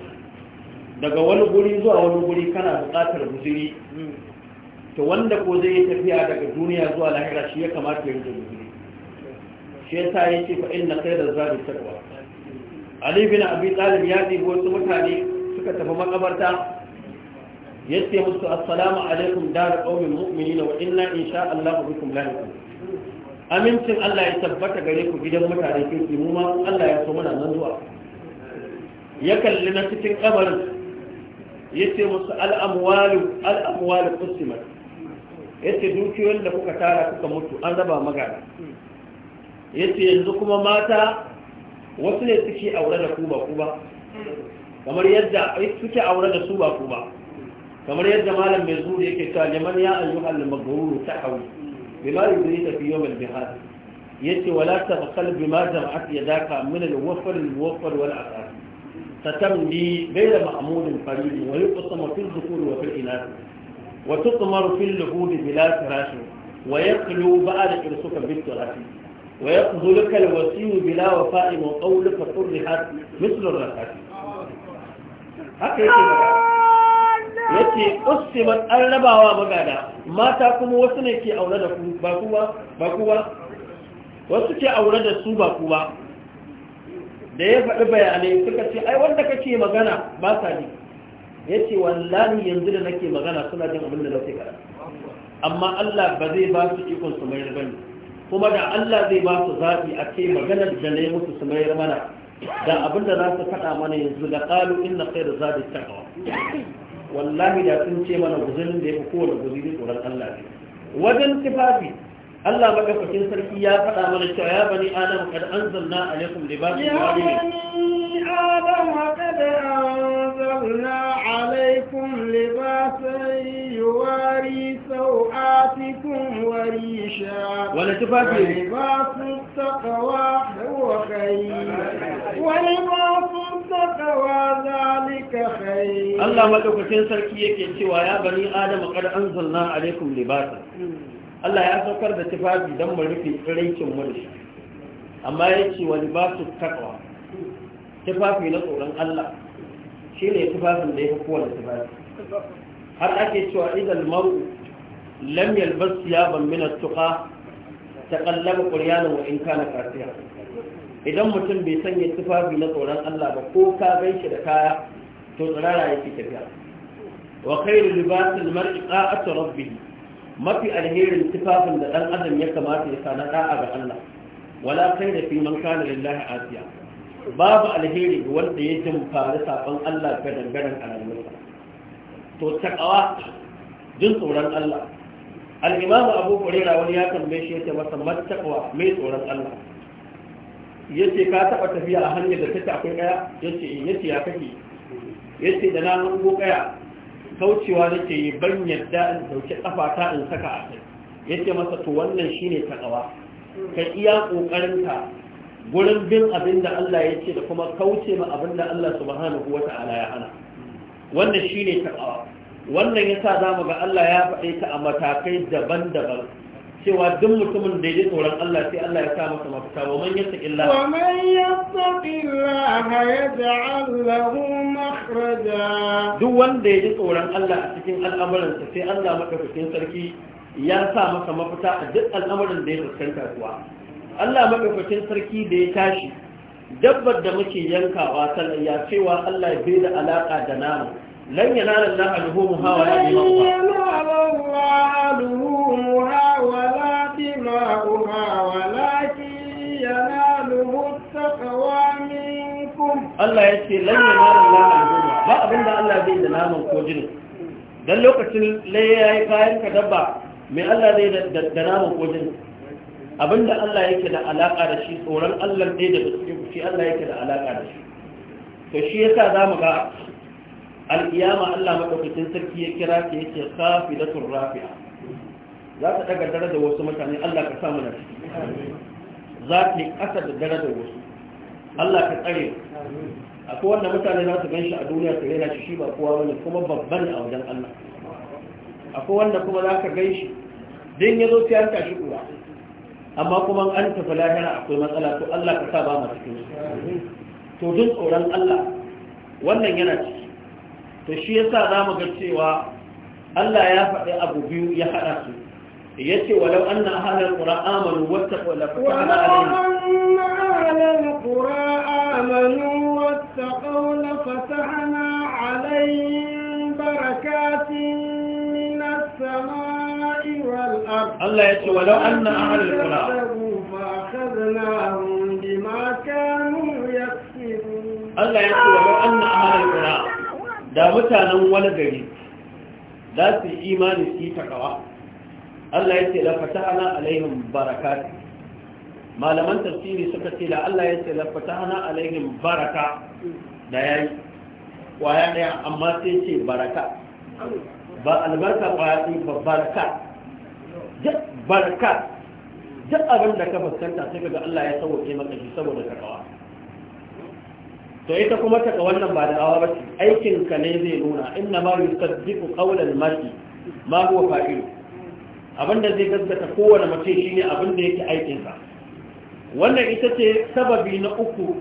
[SPEAKER 3] daga wani guri zuwa wani guri kana buƙatar guzuri to wanda ko zai yi tafiya daga duniya zuwa lahira shi ya kamata ya yi guzuri shi ya sa ya ce fa inna da zaɓi taqwa ali bin abi talib ya fi wasu mutane suka tafi makabarta ya ce musu assalamu alaikum dar qaumin mu'minina wa inna insha Allah bikum lahiqun amincin Allah ya tabbata gare ku gidan mutane kirki mu ma Allah ya so muna nan zuwa ya kalli na cikin kabarin ya ce musu al'amwalu al'amwalu qusimat ya ce dukiyoyin da kuka tara kuka mutu an raba magana ya ce yanzu kuma mata wasu ne suke aure da ku ba ku ba kamar yadda suke aure da su ba ku ba kamar yadda malam mai zuri yake ta, liman ya ayyuhal magruru ta hawi bima ta fi yawmil bihar yace wala ta tabqal bima jama'at yadaka min al-wafr al-muwaffar wal asar tatamli ghayra ma'mud farid wa yuqsam fi al-dhukur wa fi al-inath wa tutmar fi al-luhud bila firash wa yaqlu ba'da irsuka bit-turafi ويقبلك الوسيم بلا وفاء وقولك صرحت مثل الرحات
[SPEAKER 2] haka yake ya ce
[SPEAKER 3] ƙusimar an rabawa magada mata kuma wasu ne ke aure da ku ba kuwa ba wasu ke aure da su ba kuwa da ya faɗi bayanai suka ce ai wanda kake magana ba sa ne ya ce wallahi yanzu da nake magana suna jin abin da na gara amma Allah ba zai ba su ikon su mai ribani kuma da Allah zai ba su zaɓi a ce maganar da na yi musu su mayar mana da abin da za su faɗa mana yanzu da ƙalu inna kai da zaɓi ta takawa wallahi da sun ce mana guzurin da ya fi kowane guzuri tsoron Allah ne wajen tufafi Allah madaukakin sarki ya faɗa mana cewa ya bani Adam kada an zanna kad anzalna alaikum libasan yuwari
[SPEAKER 1] ya bani Adam kad anzalna alaikum libasan yuwari سوآتكم وريشا ولباس التقوى هو خير ولباس التقوى ذلك خير الله
[SPEAKER 3] مدوكتين سركي yake cewa يا بني آدم قد أنزلنا عليكم لباسا Allah ya saukar da tufafi don mu rufe tsiraicin mu amma ce wa libasu taqwa tufafi na tsoron Allah shi ne tufafin da ya fi kowane tufafi har ake cewa idan maru lam yalbas siyaban min at-tuqa taqallaba quryana wa in kana kafiya idan mutum bai sanya tufafi na tsoron Allah ba ko ka shi da kaya to tsirara yake tafiya wa khairu libasil mar'i qa'atu rabbih mafi alherin tufafin da dan adam ya kamata ya sana da'a ga Allah wala khairu fi man kana lillahi asiya babu alheri ga wanda ya faru saban Allah ga dangaren a rayuwarsa to takawa jin tsoron Allah al'imamu abu kurera wani ya tambaye shi yace masa mattaqwa mai tsoron Allah ce ka taɓa tafiya a hanyar da ta akwai kaya yace eh, yace ya kake ce da na ko kaya kaucewa ke yi ban yadda in dauke kafata in saka a kai yace masa to wannan shine takawa ka iya kokarin gurin bin abin da Allah ya ce da kuma kauce ma abin da Allah subhanahu wata'ala ya hana wannan shine takawa wannan ya sa za mu ga Allah ya faɗe ta a matakai daban-daban cewa duk mutumin da ya tsoron Allah sai Allah ya sa masa mafita wa man yattaqi Allah wa
[SPEAKER 1] man yattaqi Allah
[SPEAKER 3] yaj'al lahu makhraja duk wanda ya ji tsoron Allah a cikin al'amuransa sai Allah madaukakin sarki ya sa masa mafita a duk al'amuran da ya fuskanta kuwa Allah madaukakin sarki da ya tashi dabbar da muke yankawa sannan ya cewa Allah bai da alaka da namu lan yanala Allah alhumuha wa la Allah ya ce lan
[SPEAKER 1] yanala Allah alhumuha ba
[SPEAKER 3] abin da Allah zai da naman ko jinin don lokacin laye kayan ka dabba mai Allah zai da naman ko jinin Abin da Allah yake da alaƙa da shi tsoron Allah ne da shi Allah yake da alaƙa da shi to shi yasa mu ga Al'iyama Allah madaukakin sarki ya kira ke ta yace safidatur rafi'a za ta ɗaga dare da wasu mutane Allah ka samu na ciki za ta yi ƙasa da dare da wasu Allah ka tsare akwai wanda mutane za su ganshi a duniya su rena shi shi ba kowa bane kuma babban a wajen Allah akwai wanda kuma za ka ganshi din ya zo sai an tashi kura amma kuma an tafi lahira akwai matsala to Allah ka sa ba mu cikin to duk tsoron Allah wannan yana ciki Da shi sa za mu ga cewa Allah ya faɗi abu biyu ya haɗa su ce walau anna ahlal qura amanu wattaqu la fatahna alaihim
[SPEAKER 1] wa ahlal qura amanu wattaqu la fatahna alaihim barakatin samai walau anna ahlal qura
[SPEAKER 3] فأخذناهم da mutanen wani gari za su yi imani su yi takawa Allah ya ce lafata ana alaihim baraka malaman tafsiri suka ce da Allah ya ce lafata ana alaihim baraka da ya yi kwaya ɗaya amma sai ce baraka ba albarka kwaya ɗaya ba baraka baraka duk abin da ka fuskanta sai ga Allah ya sauke maka shi saboda takawa to ita kuma taka wannan ba da awa ba ce aikinka ne zai nuna inna ma yusaddiqu qawlan mar'i ma huwa fa'ilu abinda zai gaskata kowane mace shine abinda yake aikin sa wannan ita ce sababi na uku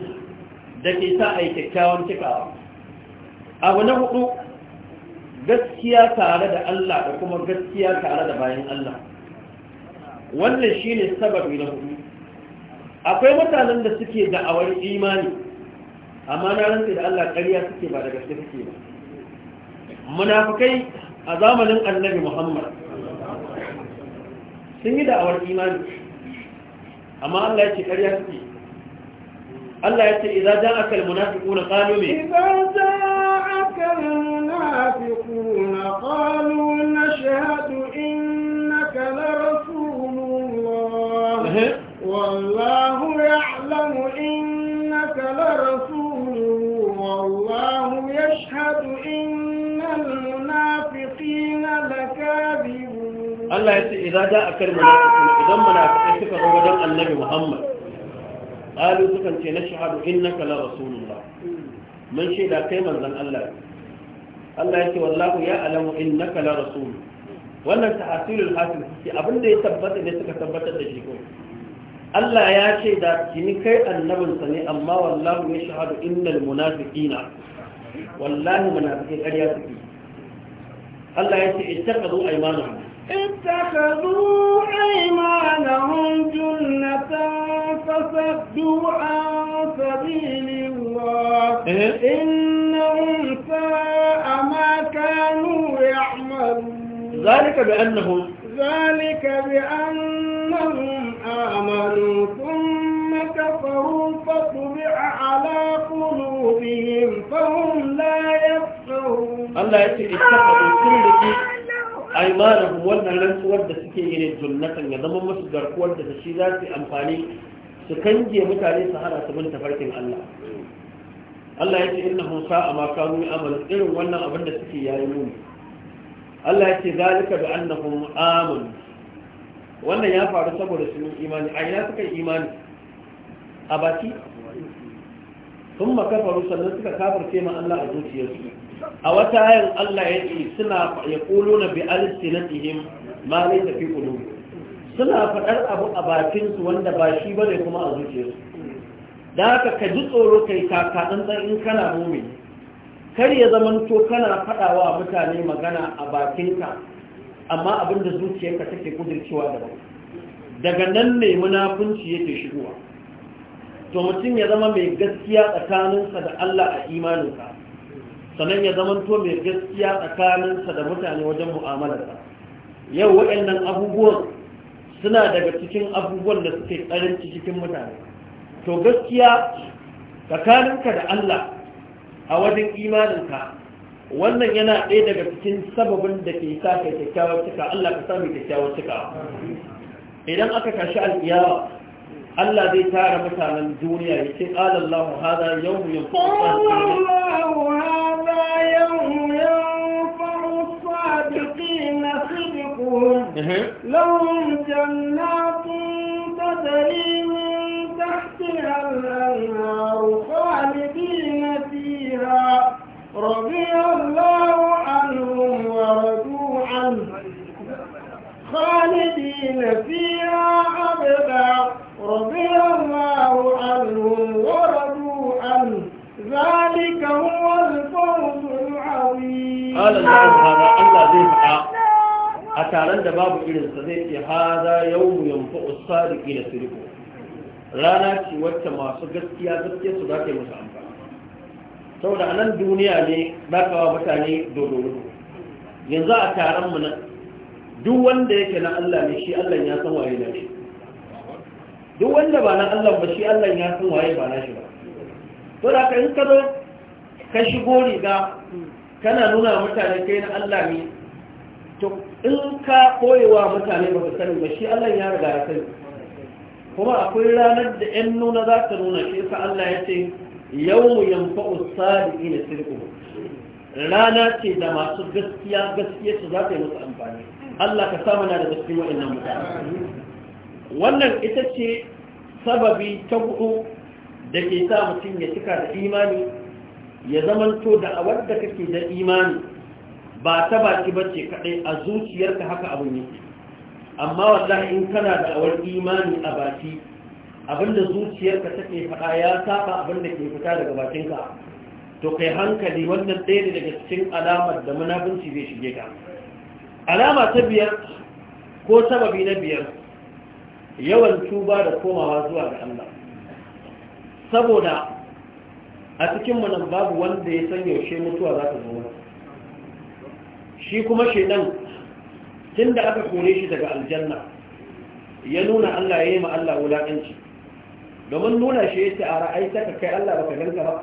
[SPEAKER 3] da ke sa a yi kyakkyawan cikawa abu na hudu gaskiya tare da Allah da kuma gaskiya tare da bayan Allah wannan shi ne sababi na hudu akwai mutanen da suke da'awar imani amma na rantsi da Allah ƙarya suke ba da gaske suke ba munafikai a zamanin annabi Muhammad sun yi da'awar imani amma Allah ya ce ƙarya suke Allah ya ce za idan idza ja'aka al-munafiquna qalu me
[SPEAKER 1] idza ja'aka al na qalu nashhadu innaka la rasulullah wallahu ya'lamu innaka la rasul والله يشهد إن المنافقين لكاذبون
[SPEAKER 3] الله يقول إذا جاءك المنافقون إذا المنافقين سكر وجاء النبي محمد قالوا سكن نشهد إنك لرسول الله من شيء لا كيما ذن الله الله يقول والله يعلم إنك لرسول wannan tahasilu al-hasil abin da ya tabbata ne suka tabbatar da shi kuma Allah ya ce da kini kai annabinsa ne amma wallahu ya shahadu innal munafiqina wallahi munafiqai ƙarya suke Allah ya ce ittaqadu aymanahum
[SPEAKER 1] اتخذوا أيمانهم جنة فصدوا عن سبيل الله إنهم ساء ما
[SPEAKER 3] ذلك بأنهم
[SPEAKER 1] ذلك بأنهم آمنوا ثم كفروا فطبع على قلوبهم فهم لا يفقهون الله يتي اتخذوا كل
[SPEAKER 3] aimanahum wannan rantsuwar da suke yi ne ya zama masu garkuwar da shi za su amfani su kange mutane su hana su bin tafarkin Allah Allah ya ce inna hum sa'a irin wannan abin da suke yayi muni Allah yake zalika da annahum amanu wannan ya faru saboda sun imani a ina suka imani a baki sun makafaru sannan suka kafarce ma Allah a zuciyarsu a wata hayan Allah ya ce suna ya kulo na bi na alisinatihim ma lai tafi kulo suna faɗar abu a bakinsu wanda ba shi ba ne kuma a zuciyarsu da haka ka ji tsoro kai kakaɗin in kana mumini kar ya zamanto kana faɗawa mutane magana a bakinka amma abinda zuciyarka take kudircewa daban daga nan ne munafunci yake shigowa to mutum ya zama mai gaskiya tsakaninsa da Allah a imaninsa sannan ya zamanto mai gaskiya tsakaninsa da mutane wajen mu'amalarsa yau waɗannan abubuwan suna daga cikin abubuwan da suke karanci cikin mutane to gaskiya tsakaninka da Allah a wajen imaninka wannan yana ɗaya daga cikin sababin da ke sa kai kyakkyawar cika Allah ka sami kyakkyawar cika idan aka kashi alƙiyawa Allah zai tara mutanen duniya ya ce alallahu hada yau mu yau
[SPEAKER 1] لهم جنات تدري من تحتها الأنهار خالدين فيها رضي الله عنهم ورضوا عنه خالدين فيها أبدا رضي الله عنهم ورضوا عنه ذلك هو الفوز العظيم قال الله هذا الله زي
[SPEAKER 3] هذا taron da babu هذا zai ce haza yau yanfa rana ce wacce masu gaskiya gaskiya su za ta yi musu amfani saboda a nan duniya ne za ka wa mutane dodoro yanzu a taron mu nan duk wanda yake na Allah ne shi Allah ya san waye na shi duk wanda ba na Allah ba shi Allah ya san waye ba na shi ba to da kai ka zo ka shigo riga kana nuna mutane kai na Allah ne to in ka koyewa mutane ba su sani ba shi Allah ya riga ya sani kuma akwai ranar da ‘yan nuna za ta nuna shi Allah ya ce yau yamfa usari ina sirku rana ce da masu gaskiya gaskiya su za ta yi musu amfani Allah ka samu na da gaskiya wa'annan mutane wannan ita ce sababi ta hudu da ke sa mutum ya cika da imani ya zamanto da a wadda kake da imani ba ta baki bace kadai a zuciyarka haka abin yake amma wallahi in kana da awar imani a baki abinda zuciyarka take faɗa ya saba abinda ke fita daga bakinka to kai hankali wannan ɗaya ne daga cikin alamar da munafunci zai shige ka alama ta biyar ko sababi na biyar yawan tuba da komawa zuwa ga Allah saboda a cikin nan babu wanda ya san yaushe mutuwa za ta zo shi kuma shedan tun da aka kore shi daga aljanna ya nuna Allah ya yi ma Allah wulaƙanci domin nuna shi ya ce a ra'aita ka kai Allah baka ganka ba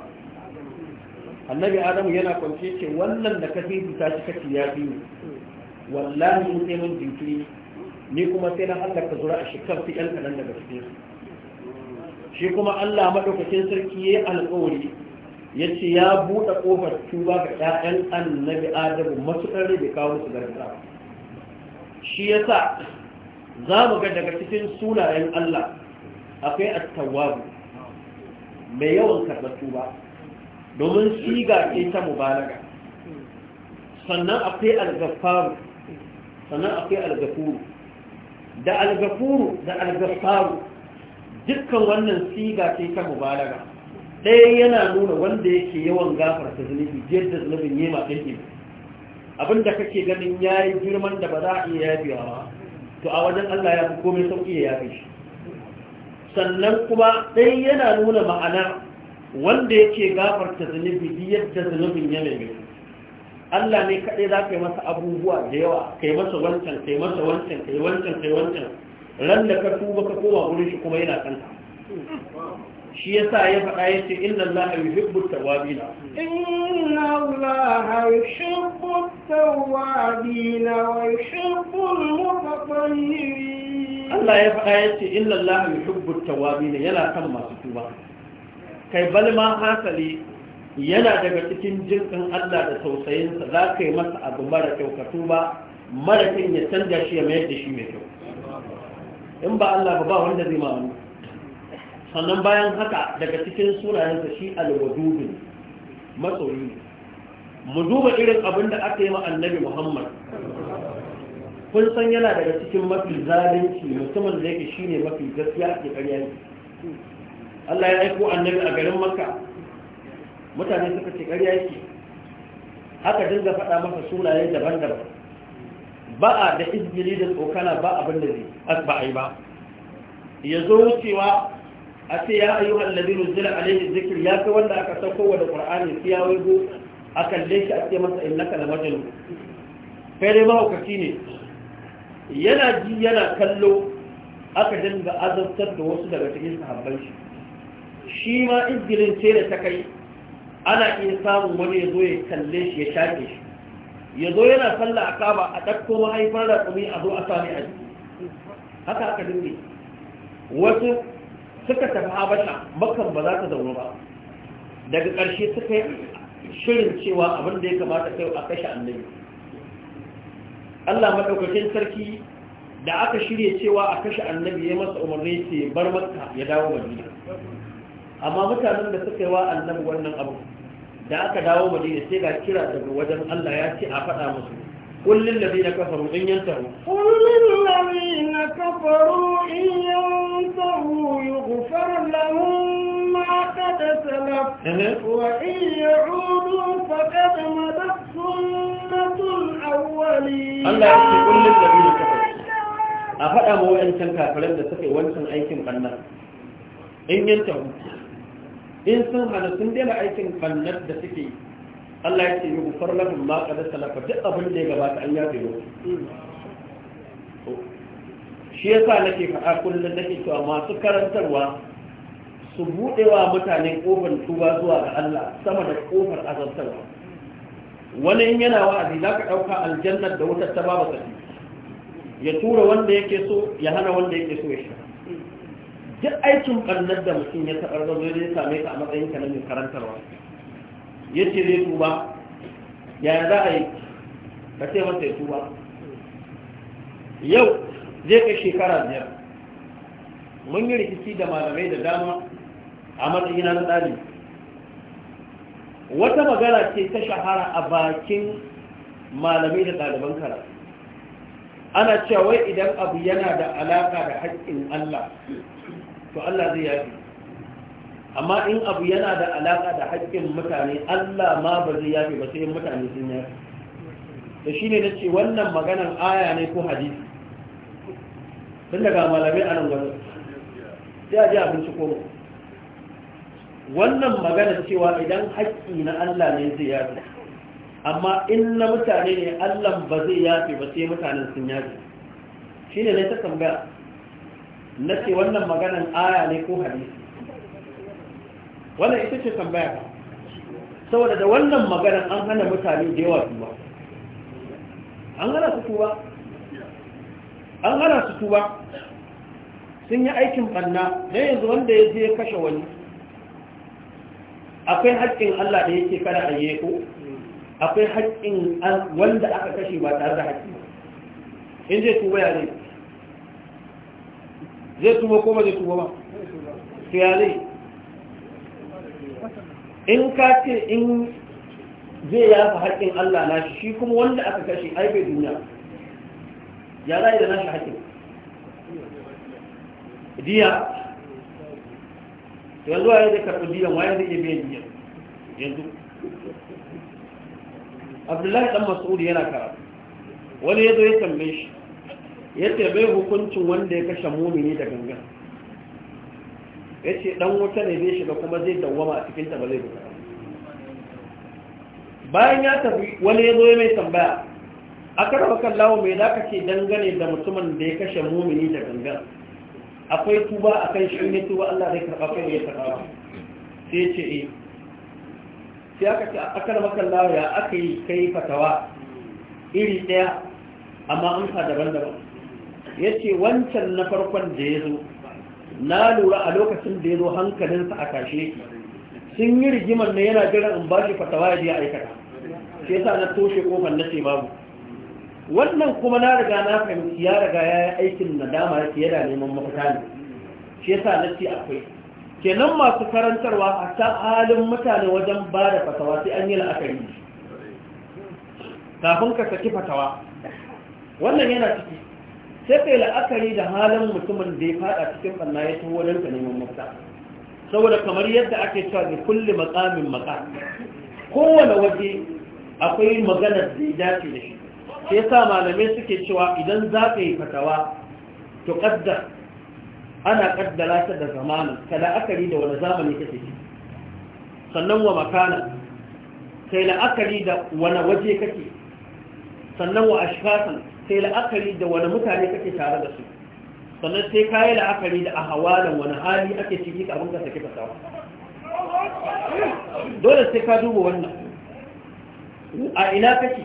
[SPEAKER 3] annabi adamu yana kwance ce wannan da ka fifita shi kaci ya fi ni wallahi in sai mun jinkiri ni kuma sai na Allah ka zura a shekar fi yan kaɗan daga cikin shi kuma Allah maɗaukacin sarki ya yi alƙawari ya ce ya buɗe ƙofar tuba ga 'ya'yan annabi adamu matuƙar da kawo su gargaɗa shi ya sa za mu ga daga cikin sunayen Allah akwai a tawabu mai yawan karbatu ba domin siga ke ta mubalaga sannan akwai algafaru sannan akwai algafuru da algafuru da algafaru dukkan wannan siga ke ta mubalaga ɗaya yana nuna wanda yake yawan gafarta zunubi jirgin da zunubin yema ɗin Abin da kake ganin ya yi girman da ba za a iya yafiwa ba to a wajen Allah ya fi komai sauƙi ya yafi shi sannan kuma ɗaya yana nuna ma'ana wanda yake gafarta zunubi biyar yadda zunubin ya mai Allah ne kaɗai za ka yi masa abubuwa da yawa kai masa wancan kai masa wancan kai wancan kai wancan ran da ka tuba ka koma wurin shi kuma yana kanta shi ya sa ya faɗa ya ce inna Allah yuhibbu tawabina
[SPEAKER 1] inna Allah ya yuhibbu tawabina wa yuhibbu al-mutatahhirin Allah
[SPEAKER 3] ya faɗa ya ce inna Allah yuhibbu tawabina yana kan masu tuba kai balma hasali yana daga cikin jinkin Allah da tausayinsa za ka yi masa abu mara kyau ka tuba mara kyau ya canja shi ya mayar da shi mai kyau in ba Allah ba ba wanda zai ma'amu sannan bayan haka daga cikin sunayensa shi alwadudin matsoyi mu duba irin abin da aka yi wa annabi muhammad kun san yana daga cikin mafi zalunci mutumin da yake shine mafi gaskiya ke ƙarya ne Allah ya aiko annabi a garin makka mutane suka ce ƙarya yake haka dinga faɗa masa sunaye daban-daban ba a da izgiri da tsokana ba abin da zai ba a yi ba ya zo wucewa a ce ya ayyuhan alladhi nuzila alaihi zikir ya kai wanda aka sauko wa da qur'ani ya waigo a kalle shi a ce masa innaka la majnun kai dai mahaukaci ne yana ji yana kallo aka dinga azabtar da wasu daga cikin sahabban shi shi ma izgirin ce da ta kai ana iya samun wani ya zo ya kalle shi ya shaƙe shi ya zo yana salla a kaba a ɗakko mahaifar da tsumi a zo a sami a haka aka dinga wasu suka tafi habasha makan ba za ta zauna ba daga ƙarshe suka yi shirin cewa abin da ya kamata kai a kashe annabi Allah madaukakin sarki da aka shirye cewa a kashe annabi ya masa umarni ce bar makka ya dawo madina amma mutanen da suka yi wa annabi wannan abu da aka dawo madina sai ga kira daga wajen Allah ya ce a faɗa musu قل للذين كفروا إن ينتهوا
[SPEAKER 1] قل للذين كفروا إن ينتهوا يغفر لهم ما قد سلف وإن يعودوا فقد مدت سنة الأولين الله يقول قل للذين
[SPEAKER 3] كفروا أفأى موئن كافرين لسكي وانسان أيكم قلنا إن ينتهوا إن سنحن سندل أيكم قلنا لسكي Allah ya ce yi gufar lafin ma da salafa duk abin da ya gabata an yafe musu shi ya sa nake faɗa kullum nake cewa masu karantarwa su buɗe wa mutane ƙofar tuba zuwa ga Allah sama da ƙofar azabtarwa wani in yana wa'azi za ka ɗauka aljannar da wutar ta babu sati ya tura wanda yake so ya hana wanda yake so ya sha duk aikin ɓarnar da mutum ya taɓar da ya same ka a matsayin ka na mai karantarwa ya ce zai tuba ya za a yi ka ce masa ya tuba yau zai kai shekara biyar mun yi rikici da malamai da dama a matsayina na tsari wata magana ce ta shahara a bakin malamai da ɗaliban karatu ana cewa wai idan abu yana da alaƙa da haƙƙin Allah to Allah zai yafi amma in abu yana da alaka da haƙƙin mutane Allah ma ba zai yafe ba sai mutane sun yafe da shine ce wannan maganan aya ne ko hadisi tun daga malamai a nan gano, sai a ji su ko wannan maganar cewa idan haƙƙi na Allah ne zai yafe amma in na mutane ne Allah ba zai yafe ba sai mutanen sun yafe shine ne ta tambaya na ce wannan maganan aya ne ko hadisi wannan ita ce tambaya ba. saboda da wannan magana an hana mutane da yawa tuba an hana su tuba an hana su tuba sun yi aikin banna na yanzu wanda ya je kashe wani akwai haƙƙin Allah da yake kada a yi ko akwai haƙƙin wanda aka kashe ba tare da haƙƙi in zai tuba ya zai zai tuba ko ba zai tuba ba su ya zai in ka ce in zai yafa haƙƙin Allah na shi kuma wanda aka kashe ai bai duniya ya za da nashi haƙƙin diya yanzu waye zai karɓi diyan wa, yanzu iya biyan diyan yanzu abdullahi dan mas'ud yana karatu wani ya zo ya tambaye shi ya tambaye hukuncin wanda ya kashe mumini da gangan ya ce ɗan wuta ne zai shiga kuma zai dawwama a cikin ta ba zai bayan ya tafi wani ya zo mai tambaya aka raba Lawa mai za ka ce dangane da mutumin da ya kashe mumini da gangan akwai tuba a kan shi ne tuba Allah zai karɓa kai ya karɓa sai ya ce e sai aka ce aka raba kallawa ya aka yi kai fatawa iri ɗaya amma amsa daban-daban ya ce wancan na farkon da ya zo na lura a lokacin da ya zo hankalinsa a kashe sun yi rigimar na yana jiran in ba shi fatawa ya je aikata shi yasa na toshe kofar na ce babu wannan kuma na riga na fahimci ya riga ya yi aikin nadama ya fiye da neman mafita ne shi yasa na ce akwai kenan masu karantarwa a ta halin mutane wajen ba da fatawa sai an yi la'akari kafin ka saki fatawa wannan yana ciki sai kai la'akari da halin mutumin da ya fada cikin ɓanna ya tuwo don ka neman mafita saboda kamar yadda ake cewa da kulle matsamin maka kowane waje akwai maganar da ya dace da shi sai sa malamai suke cewa idan za ka yi fatawa to kaddar ana kaddara ta da zamanin ka la'akari da wani zamani ka take sannan wa makana kai la'akari da wani waje kake sannan wa ashkasan sai la'akari da wani mutane kake tare da su sannan sai kayi la'akari da a hawa da wani hali ake ciki abin ka sake fasawa dole sai ka duba wannan a ina kake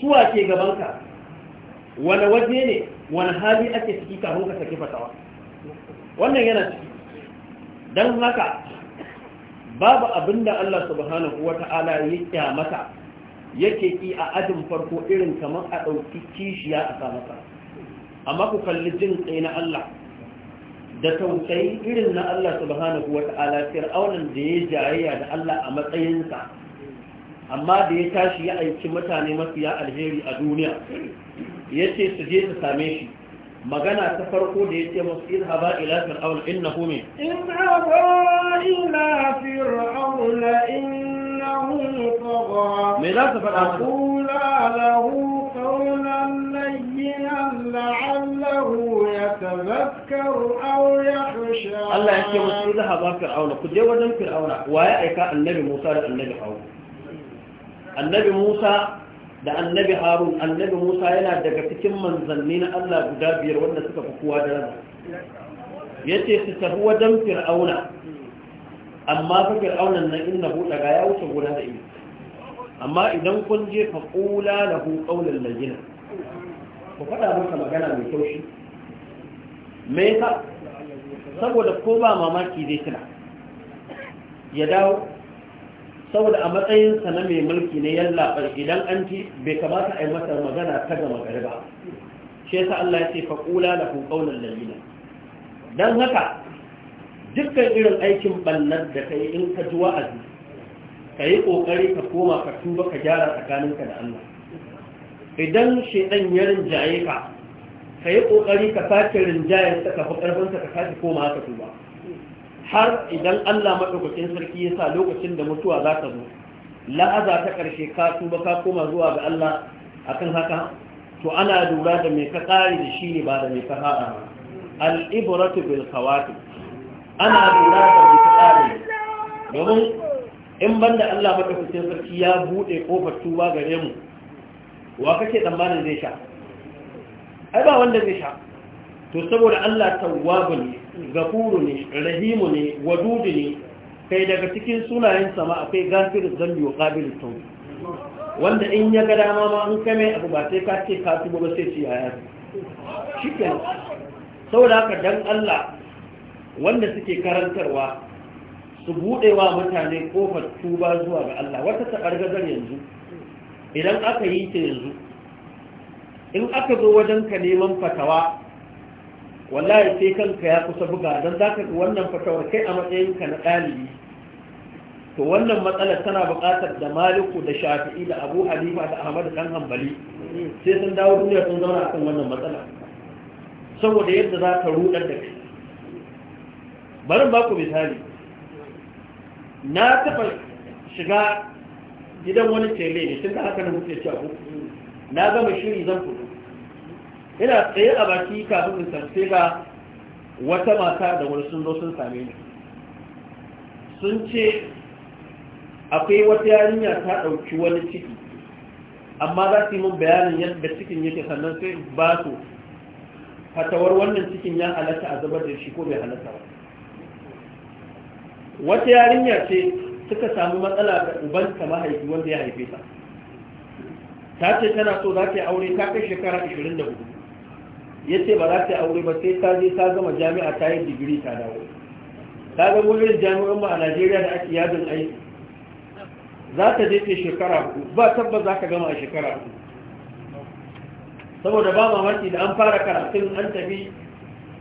[SPEAKER 3] suwa ke gabanka wani waje ne wani hali ake ciki kafin ka sake fasawa wannan yana ciki don haka babu abinda Allah subhanahu Ta'ala ya kyamata yake ki a ajin farko irin kamar a ɗauki kishiya a samata, amma ku kalli jin tsaye na Allah da tausayi irin na Allah subhanahu wa ta'ala fir'aunan da ya jayayya da Allah a matsayinsa amma da ya tashi ya aiki mutane mafiya alheri a duniya ya ce su je su same shi magana ta farko da ya ce masu izhaba ila fir'aun innahu min
[SPEAKER 1] izhaba ila fir'aun in إنه طغى فقولا له قولا لينا لعله يتذكر أو يخشى
[SPEAKER 3] fir'auna, ku je wajen fir'auna. Wa ya aika Annabi Musa da Annabi هارون Annabi Musa da annabi harun annabi musa yana daga cikin manzanni na allah guda biyar wanda suka fi kowa da rana ya ce su tafi wajen fir'auna amma fa fir'aunan nan innahu daga ya wuce guda da ido amma idan kun je fa qula lahu qawlan layyina ku faɗa masa magana mai taushi me ka? saboda ko ba mamaki zai tuna ya dawo saboda a matsayinsa na mai mulki ne yalla idan an ci bai kamata a yi masa magana ta gama gari ba shi yasa Allah ya ce fa qula lahu qawlan layyina dan haka dukkan irin aikin ɓannar da ka yi in ka ji wa'azi ka yi ƙoƙari ka koma ka tuba ka gyara tsakaninka da Allah idan shaidan ya rinjaye ka ka yi ƙoƙari ka sake rinjayen ta kafa ƙarfinsa ka sake koma haka tuba har idan Allah maɗaukacin sarki ya sa lokacin da mutuwa za ta zo la'aza ta ƙarshe ka tuba ka koma zuwa ga Allah akan haka to ana lura da mai ka ƙare da shi ne ba da mai ka ha'a al-ibratu bil khawatib
[SPEAKER 1] ana lura
[SPEAKER 3] da mutsari domin in banda Allah madaukakin sarki ya bude kofar tuba gare mu wa kake tsammanin zai sha ai ba wanda zai sha to saboda Allah tawwabun ne gafuru ne rahimu ne wadudu ne kai daga cikin sunayen sama akwai gafiru zambi wa qabilu tawb wanda in ya ga dama ma an kame abu ba sai ka ce ka tuba ba sai ci yaya shikenan saboda haka dan Allah wanda suke karantarwa su wa mutane kofar tuba zuwa ga Allah wata ta taɓargazar yanzu idan aka yi ta yanzu in aka zo wajen ka neman fatawa wallahi sai kanka ya kusa buga don za ka ga wannan fatawar kai a matsayinka na ɗalibi to wannan matsalar tana buƙatar da maliku da shafi'i da abu Halima da ahmadu ɗan hambali sai sun dawo duniya sun zauna akan wannan matsala saboda yadda za ka ruɗar da kai barin ba ku misali na taɓa shiga gidan wani tele ne tun da haka na mutu ce abu na gama shiri zan fito ina tsaye a baki kafin in sarfe ga wata mata da wani sun zo sun same ni sun ce akwai wata yarinya ta ɗauki wani ciki amma za su yi mun bayanin yadda cikin yake sannan sai ba su fatawar wannan cikin ya halatta a zubar da shi ko bai halatta ba wata yarinya ce suka samu matsala da ubanta mahaifi wanda ya haife ta ta ce tana so za ta yi aure ta kai shekara 24 ya ce ba za ta yi aure ba sai ta je ta gama jami'a ta yi digiri ta dawo ta ga wurin jami'an mu a najeriya da ake yadin aiki za ta je ta shekara hudu ba tabbas za ka gama a shekara hudu saboda ba mamaki da an fara karatun an tafi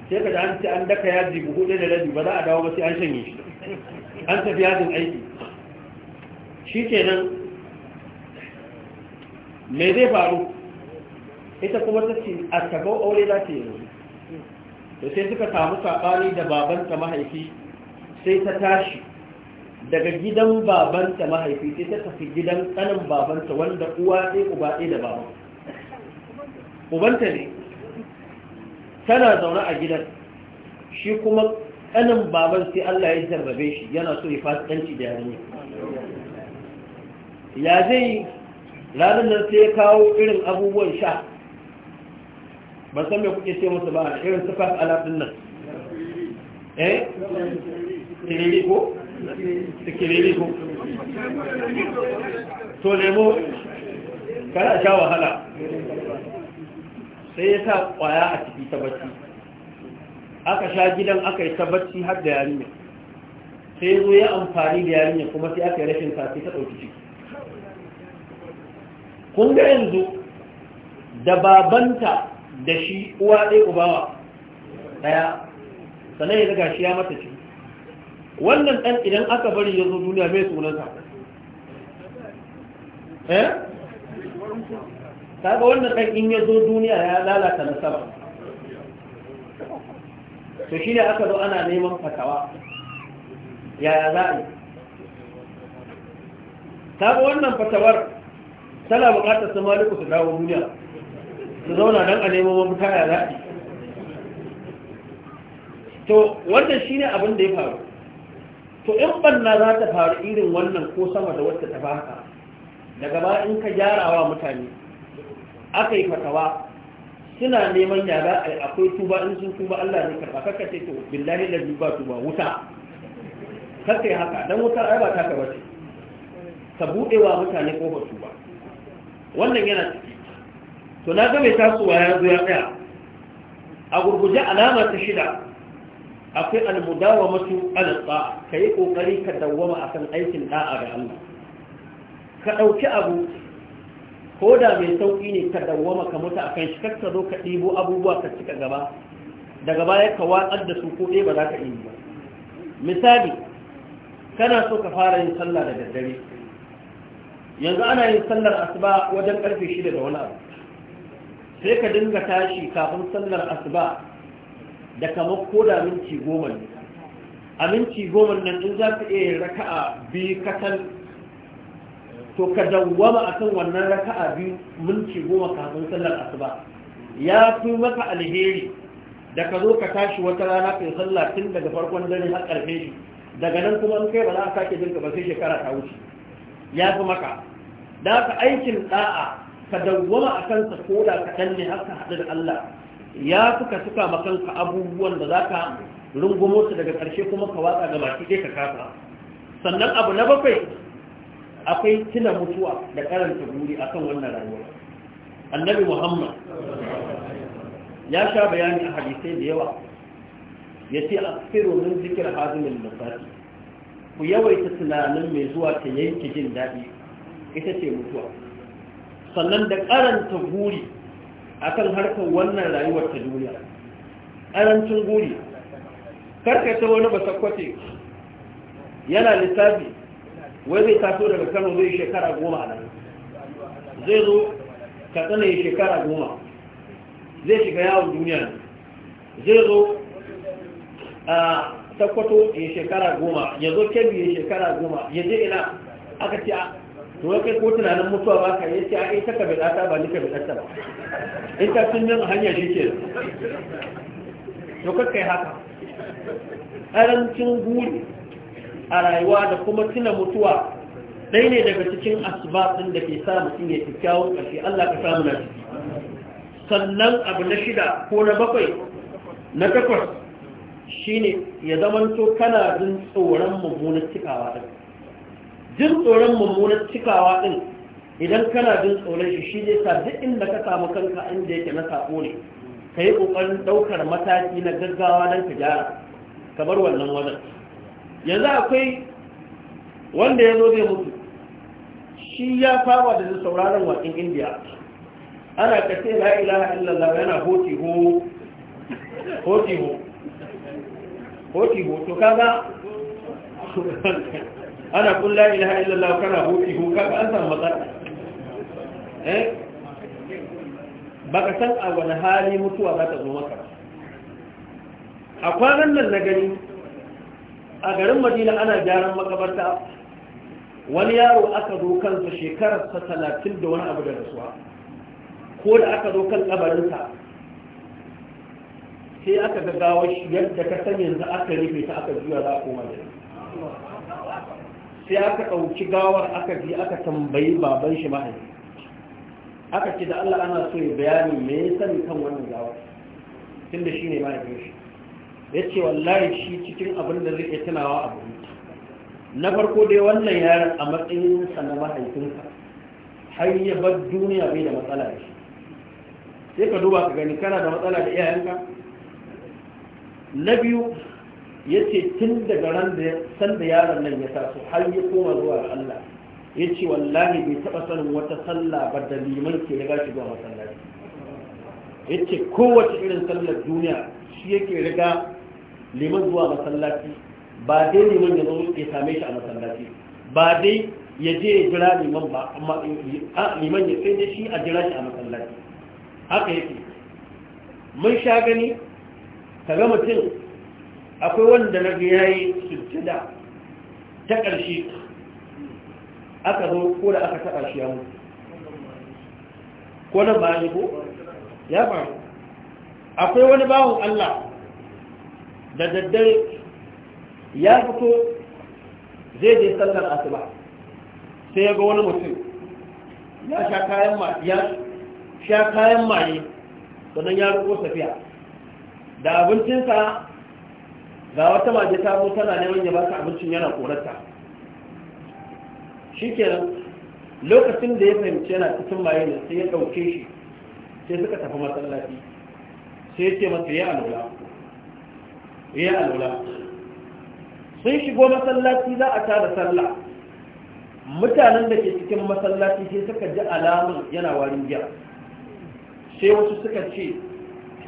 [SPEAKER 3] sai ka da an ce an daka yaji buhu ɗaya da rabi ba za a dawo ba sai an shanye shi an tafi yadin aiki shi kenan mai zai faru ita kuma ta ce a tabau aure za ta yi da sai suka samu saɓani da babanta mahaifi sai ta tashi daga gidan babanta mahaifi sai ta tafi gidan tsanin babanta wanda uwa ɗaya uba ɗaya da baban ubanta ne tana zaune a gidan shi kuma Ƙanin baban sai Allah ya jarrabe shi yana so ya fasikanci da yarinya ya zai ranar nan sai ya kawo irin abubuwan sha ba san me kuke sai masu ba a irin su fas ala nan eh tiriri ko ko to lemo kana sha wahala sai ya sa kwaya a ciki ta aka sha gidan aka yi ta har da yarinya sai zo ya amfani da yarinya kuma sai aka yi rashin safi ta ɗauki ciki kun ga yanzu da babanta da shi uwa ɗaya ubawa ɗaya sannan ya zaga shi ya mata ciki wannan ɗan idan aka bari ya zo duniya mai sunanta eh? ta ga wannan ɗan in ya zo duniya ya lalata nasaba to shi ne aka zo ana neman fatawa yaya za a yi ta wannan fatawar tana bukatar su maliku su dawo duniya su zauna don a neman mafita ya za a yi to wannan ne abin da ya faru to in banna za ta faru irin wannan ko sama da wata ta faka, daga ba in ka gyara wa mutane aka yi fatawa suna neman ya za a akwai tuba in sun tuba Allah ne karba kaka ce to billahi da ba tuba wuta kaka yi haka dan wuta ai ba ta karba ce. ka buɗe wa mutane ba tuba wannan yana ciki to na ga mai tasowa ya zo ya tsaya a gurguje alama ta shida akwai almudawa masu ala ka yi kokari ka dawwama akan aikin da'a ga Allah ka ɗauki abu ko da mai sauƙi ne ka dawwama ka mutu a kan shi kakka zo ka ɗibo abubuwa ka cika gaba daga baya ka watsar da su ko ɗaya ba za ka iya ba misali kana so ka fara yin sallah da daddare yanzu ana yin sallar asuba wajen karfe shida da wani abu sai ka dinga tashi kafin sallar asuba da kamar ko da minti goma ne a minti goma nan in za ka iya yin raka'a biyu katal to ka dawwama akan wannan raka'a biyu minti goma kafin sallar asuba ya fi maka alheri da ka zo ka tashi wata rana kai sallah tun daga farkon dare har karfe shi daga nan kuma in kai ba za a sake jinka ba sai shekara ta wuce ya fi maka da ka aikin da'a ka dawwama a kansa ko da kaɗan ne har ka haɗu da Allah ya fi ka suka kanka abubuwan da za ka rungumo su daga ƙarshe kuma ka watsa ga baki ɗaya ka kasa sannan abu na bakwai akwai tuna mutuwa da karanta guri akan wannan rayuwa annabi muhammad ya sha bayani a hadisai da yawa ya ce a min zikir hazimin masaki ku yawaita tunanin mai zuwa ta yanki jin daɗi ita ce mutuwa sannan da karanta guri akan harkar wannan rayuwar ta duniya karancin guri karkata wani basakwace yana lissafi wai zai taso daga kano zai shekara goma nan zai zo katsina ya shekara goma zai shiga yawon duniya zai zo a takwato ya shekara goma ya zo kebbi ya shekara goma ya je ina aka ce tuwa kai ko tunanin mutuwa ba ka yi yace a ita ka bidata ba nika ka bidata ba in ta sun yin hanya shi ke to kai haka ƙarancin guri a rayuwa da kuma tuna mutuwa ɗaya ne daga cikin asibatin da ke sa mutum ya kyawun ƙarfi Allah ka samu na ciki sannan abu na shida ko na bakwai na takwas ne ya zamanto kana jin tsoron mummunan cikawa ɗin jin tsoron mummunan cikawa ɗin idan kana jin tsoron shi shi ne sa duk inda ka samu kanka inda yake na saƙo ne ka yi ƙoƙarin ɗaukar mataki na gaggawa don ka gyara ka bar wannan wajen yanzu akwai wanda ya zo zai mutu shi ya fama da su sauraron wakin indiya ana kace la ilaha illallah yana hotiho hotiho hotiho ho ho to kaga ana kun la ilaha illallah kana hotiho ho kaga an samu matsala eh baka san a wani hali mutuwa za ta zo maka a kwanan nan na gani a garin madina ana gyaran makabarta wani yaro aka zo kansa shekararsa talatin da wani abu da rasuwa ko da aka zo kan kabarinsa sai aka gagawa shi yadda ka san yanzu aka rufe ta aka juya za a koma da sai aka ɗauki gawar aka ji aka tambayi baban shi mahaifi aka ce da Allah ana so ya bayanin me ya sani kan wannan gawar tun da shi ne mahaifin shi ya ce wallahi shi cikin abin da zai iya a abu na farko dai wannan yaron a matsayinsa na mahaifinsa har ya bar duniya bai da matsala da shi sai ka duba ka gani kana da matsala da iyayenka na biyu ya ce tun daga ran da sanda yaron nan ya taso har ya koma zuwa Allah ya ce wallahi bai taɓa sanin wata sallah ba da liman ke riga shi zuwa masallaci ya ce kowace irin sallar duniya shi yake riga liman zuwa masallaci ba dai liman ya zo ya same shi a masallaci ba dai ya je ya jira liman ba amma liman ya sai da shi a jira shi a masallaci haka yake mun sha gani ka ga mutum akwai wanda na ga yayi sujjada ta ƙarshe aka zo ko da aka taɓa shi ya mutu ko na ba ya ko ya akwai wani bawon Allah da daddare ya fito zai je sallar asuba sai ya ga wani mutum ya sha kayan maye sannan ya riko safiya da abincinsa ga wata maje ta mu tana neman ya ba abincin yana korarta shikenan lokacin da ya fahimci yana cikin maye ne sai ya ɗauke shi sai suka tafi masallaci sai ya ce masa ya alwala ya alula sun shigo masallaci za a tara sallah mutanen da ke cikin masallaci sai suka ji alamun yana warin giya sai wasu suka ce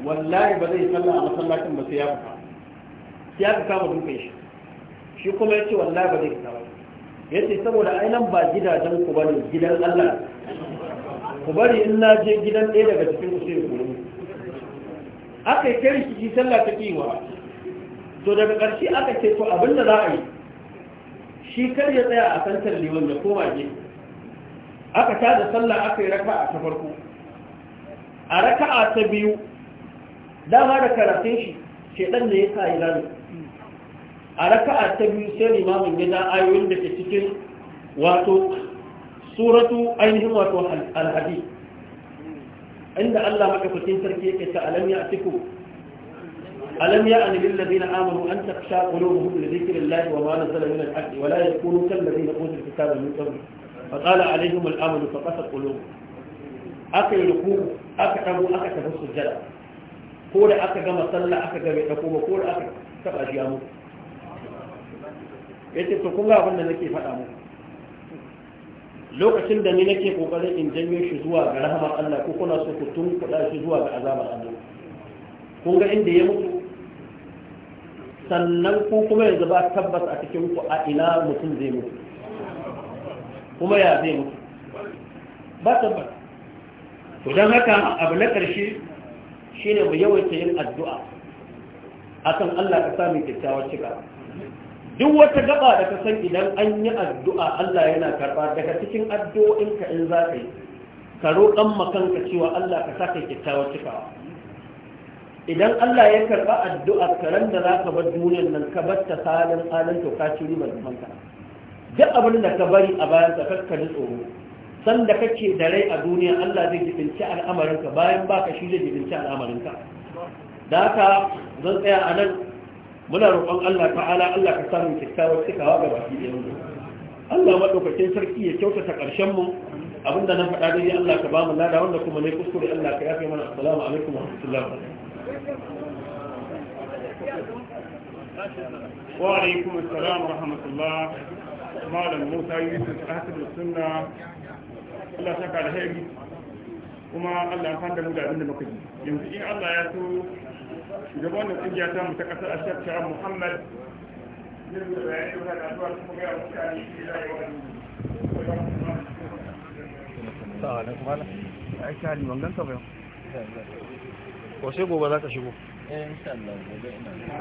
[SPEAKER 3] wallahi ba zai sallah a masallacin ba sai ya fita sai ya fita ma dukan shi shi kuma ya ce wallahi ba zai fita ba ya ce saboda ainihin ba gidajen ku ba ne, gidan allah ku bari in na je gidan ɗaya daga cikin ku sai ku aka yi kai shi sallah ta kiwa to daga ƙarshe aka ce to abin da za a yi shi kar ya tsaya a santar liman da koma je aka ta da sallah aka yi raka a ta farko a raka a ta biyu dama da karatun shi shaidan da ya sa yi rami a raka a ta biyu sai limamin gida ayoyin da ke cikin wato suratu ainihin wato alhadi inda Allah maka sarki yake ta alam ya ألم يأن للذين آمنوا أن تخشى قلوبهم لذكر الله وما نزل من الحق ولا يكونوا كالذين أوتوا الكتاب من قبل فقال عليهم الأمل فقست قلوبهم أكل الركوع أكتبوا أكتبوا السجدة ko da aka gama sallah aka gabe da kuma ko da aka taba shi mu yace to kun ga abin da nake faɗa mu lokacin da ni nake kokarin in janyo shi zuwa ga rahama Allah ko kuna so ku tun kuɗa shi zuwa ga azabar Allah kun ga inda ya mutu sannan ku kuma yanzu ba tabbas a cikin ku a ina mutum zai mutu kuma ya zai mutu ba tabbas to don haka abu na ƙarshe shine mu yawaita yin addu'a akan Allah ka sami kyakkyawar cika duk wata gaba da ka san idan an yi addu'a Allah yana karɓa daga cikin addu'o'inka in za ka yi ka roƙon makanka cewa Allah ka sa ka kyakkyawar idan Allah ya karba addu'a karen da zaka bar duniyar nan ka bar ta salin salin to ka ci riba zaman ka duk abin da ka bari a bayan ka kakkari tsoro san da kake da rai a duniya Allah zai jibinci al'amarin ka bayan baka shi zai jibinci al'amarin ka da haka zan tsaya a nan muna roƙon Allah ta'ala Allah ka samu kyakkyawar cikawa ga baki ɗayan mu Allah madaukakin sarki ya kyautata ƙarshen mu abinda na faɗa dai Allah ka bamu. mu lada wanda kuma ne kuskure Allah ka yafe mana assalamu alaikum wa rahmatullahi wa barakatuh
[SPEAKER 2] وعليكم السلام
[SPEAKER 3] ورحمة الله مال موسى يوسف أحسن السنة
[SPEAKER 2] الله شكا لهي
[SPEAKER 3] وما الله أفان دمو دا من المكد يمزئي الله ياسو جبان الإنجية تام تكسر الشيخ شعب محمد السلام عليكم ورحمة الله وبركاته. السلام wasu gobe za ka shigo
[SPEAKER 2] eh,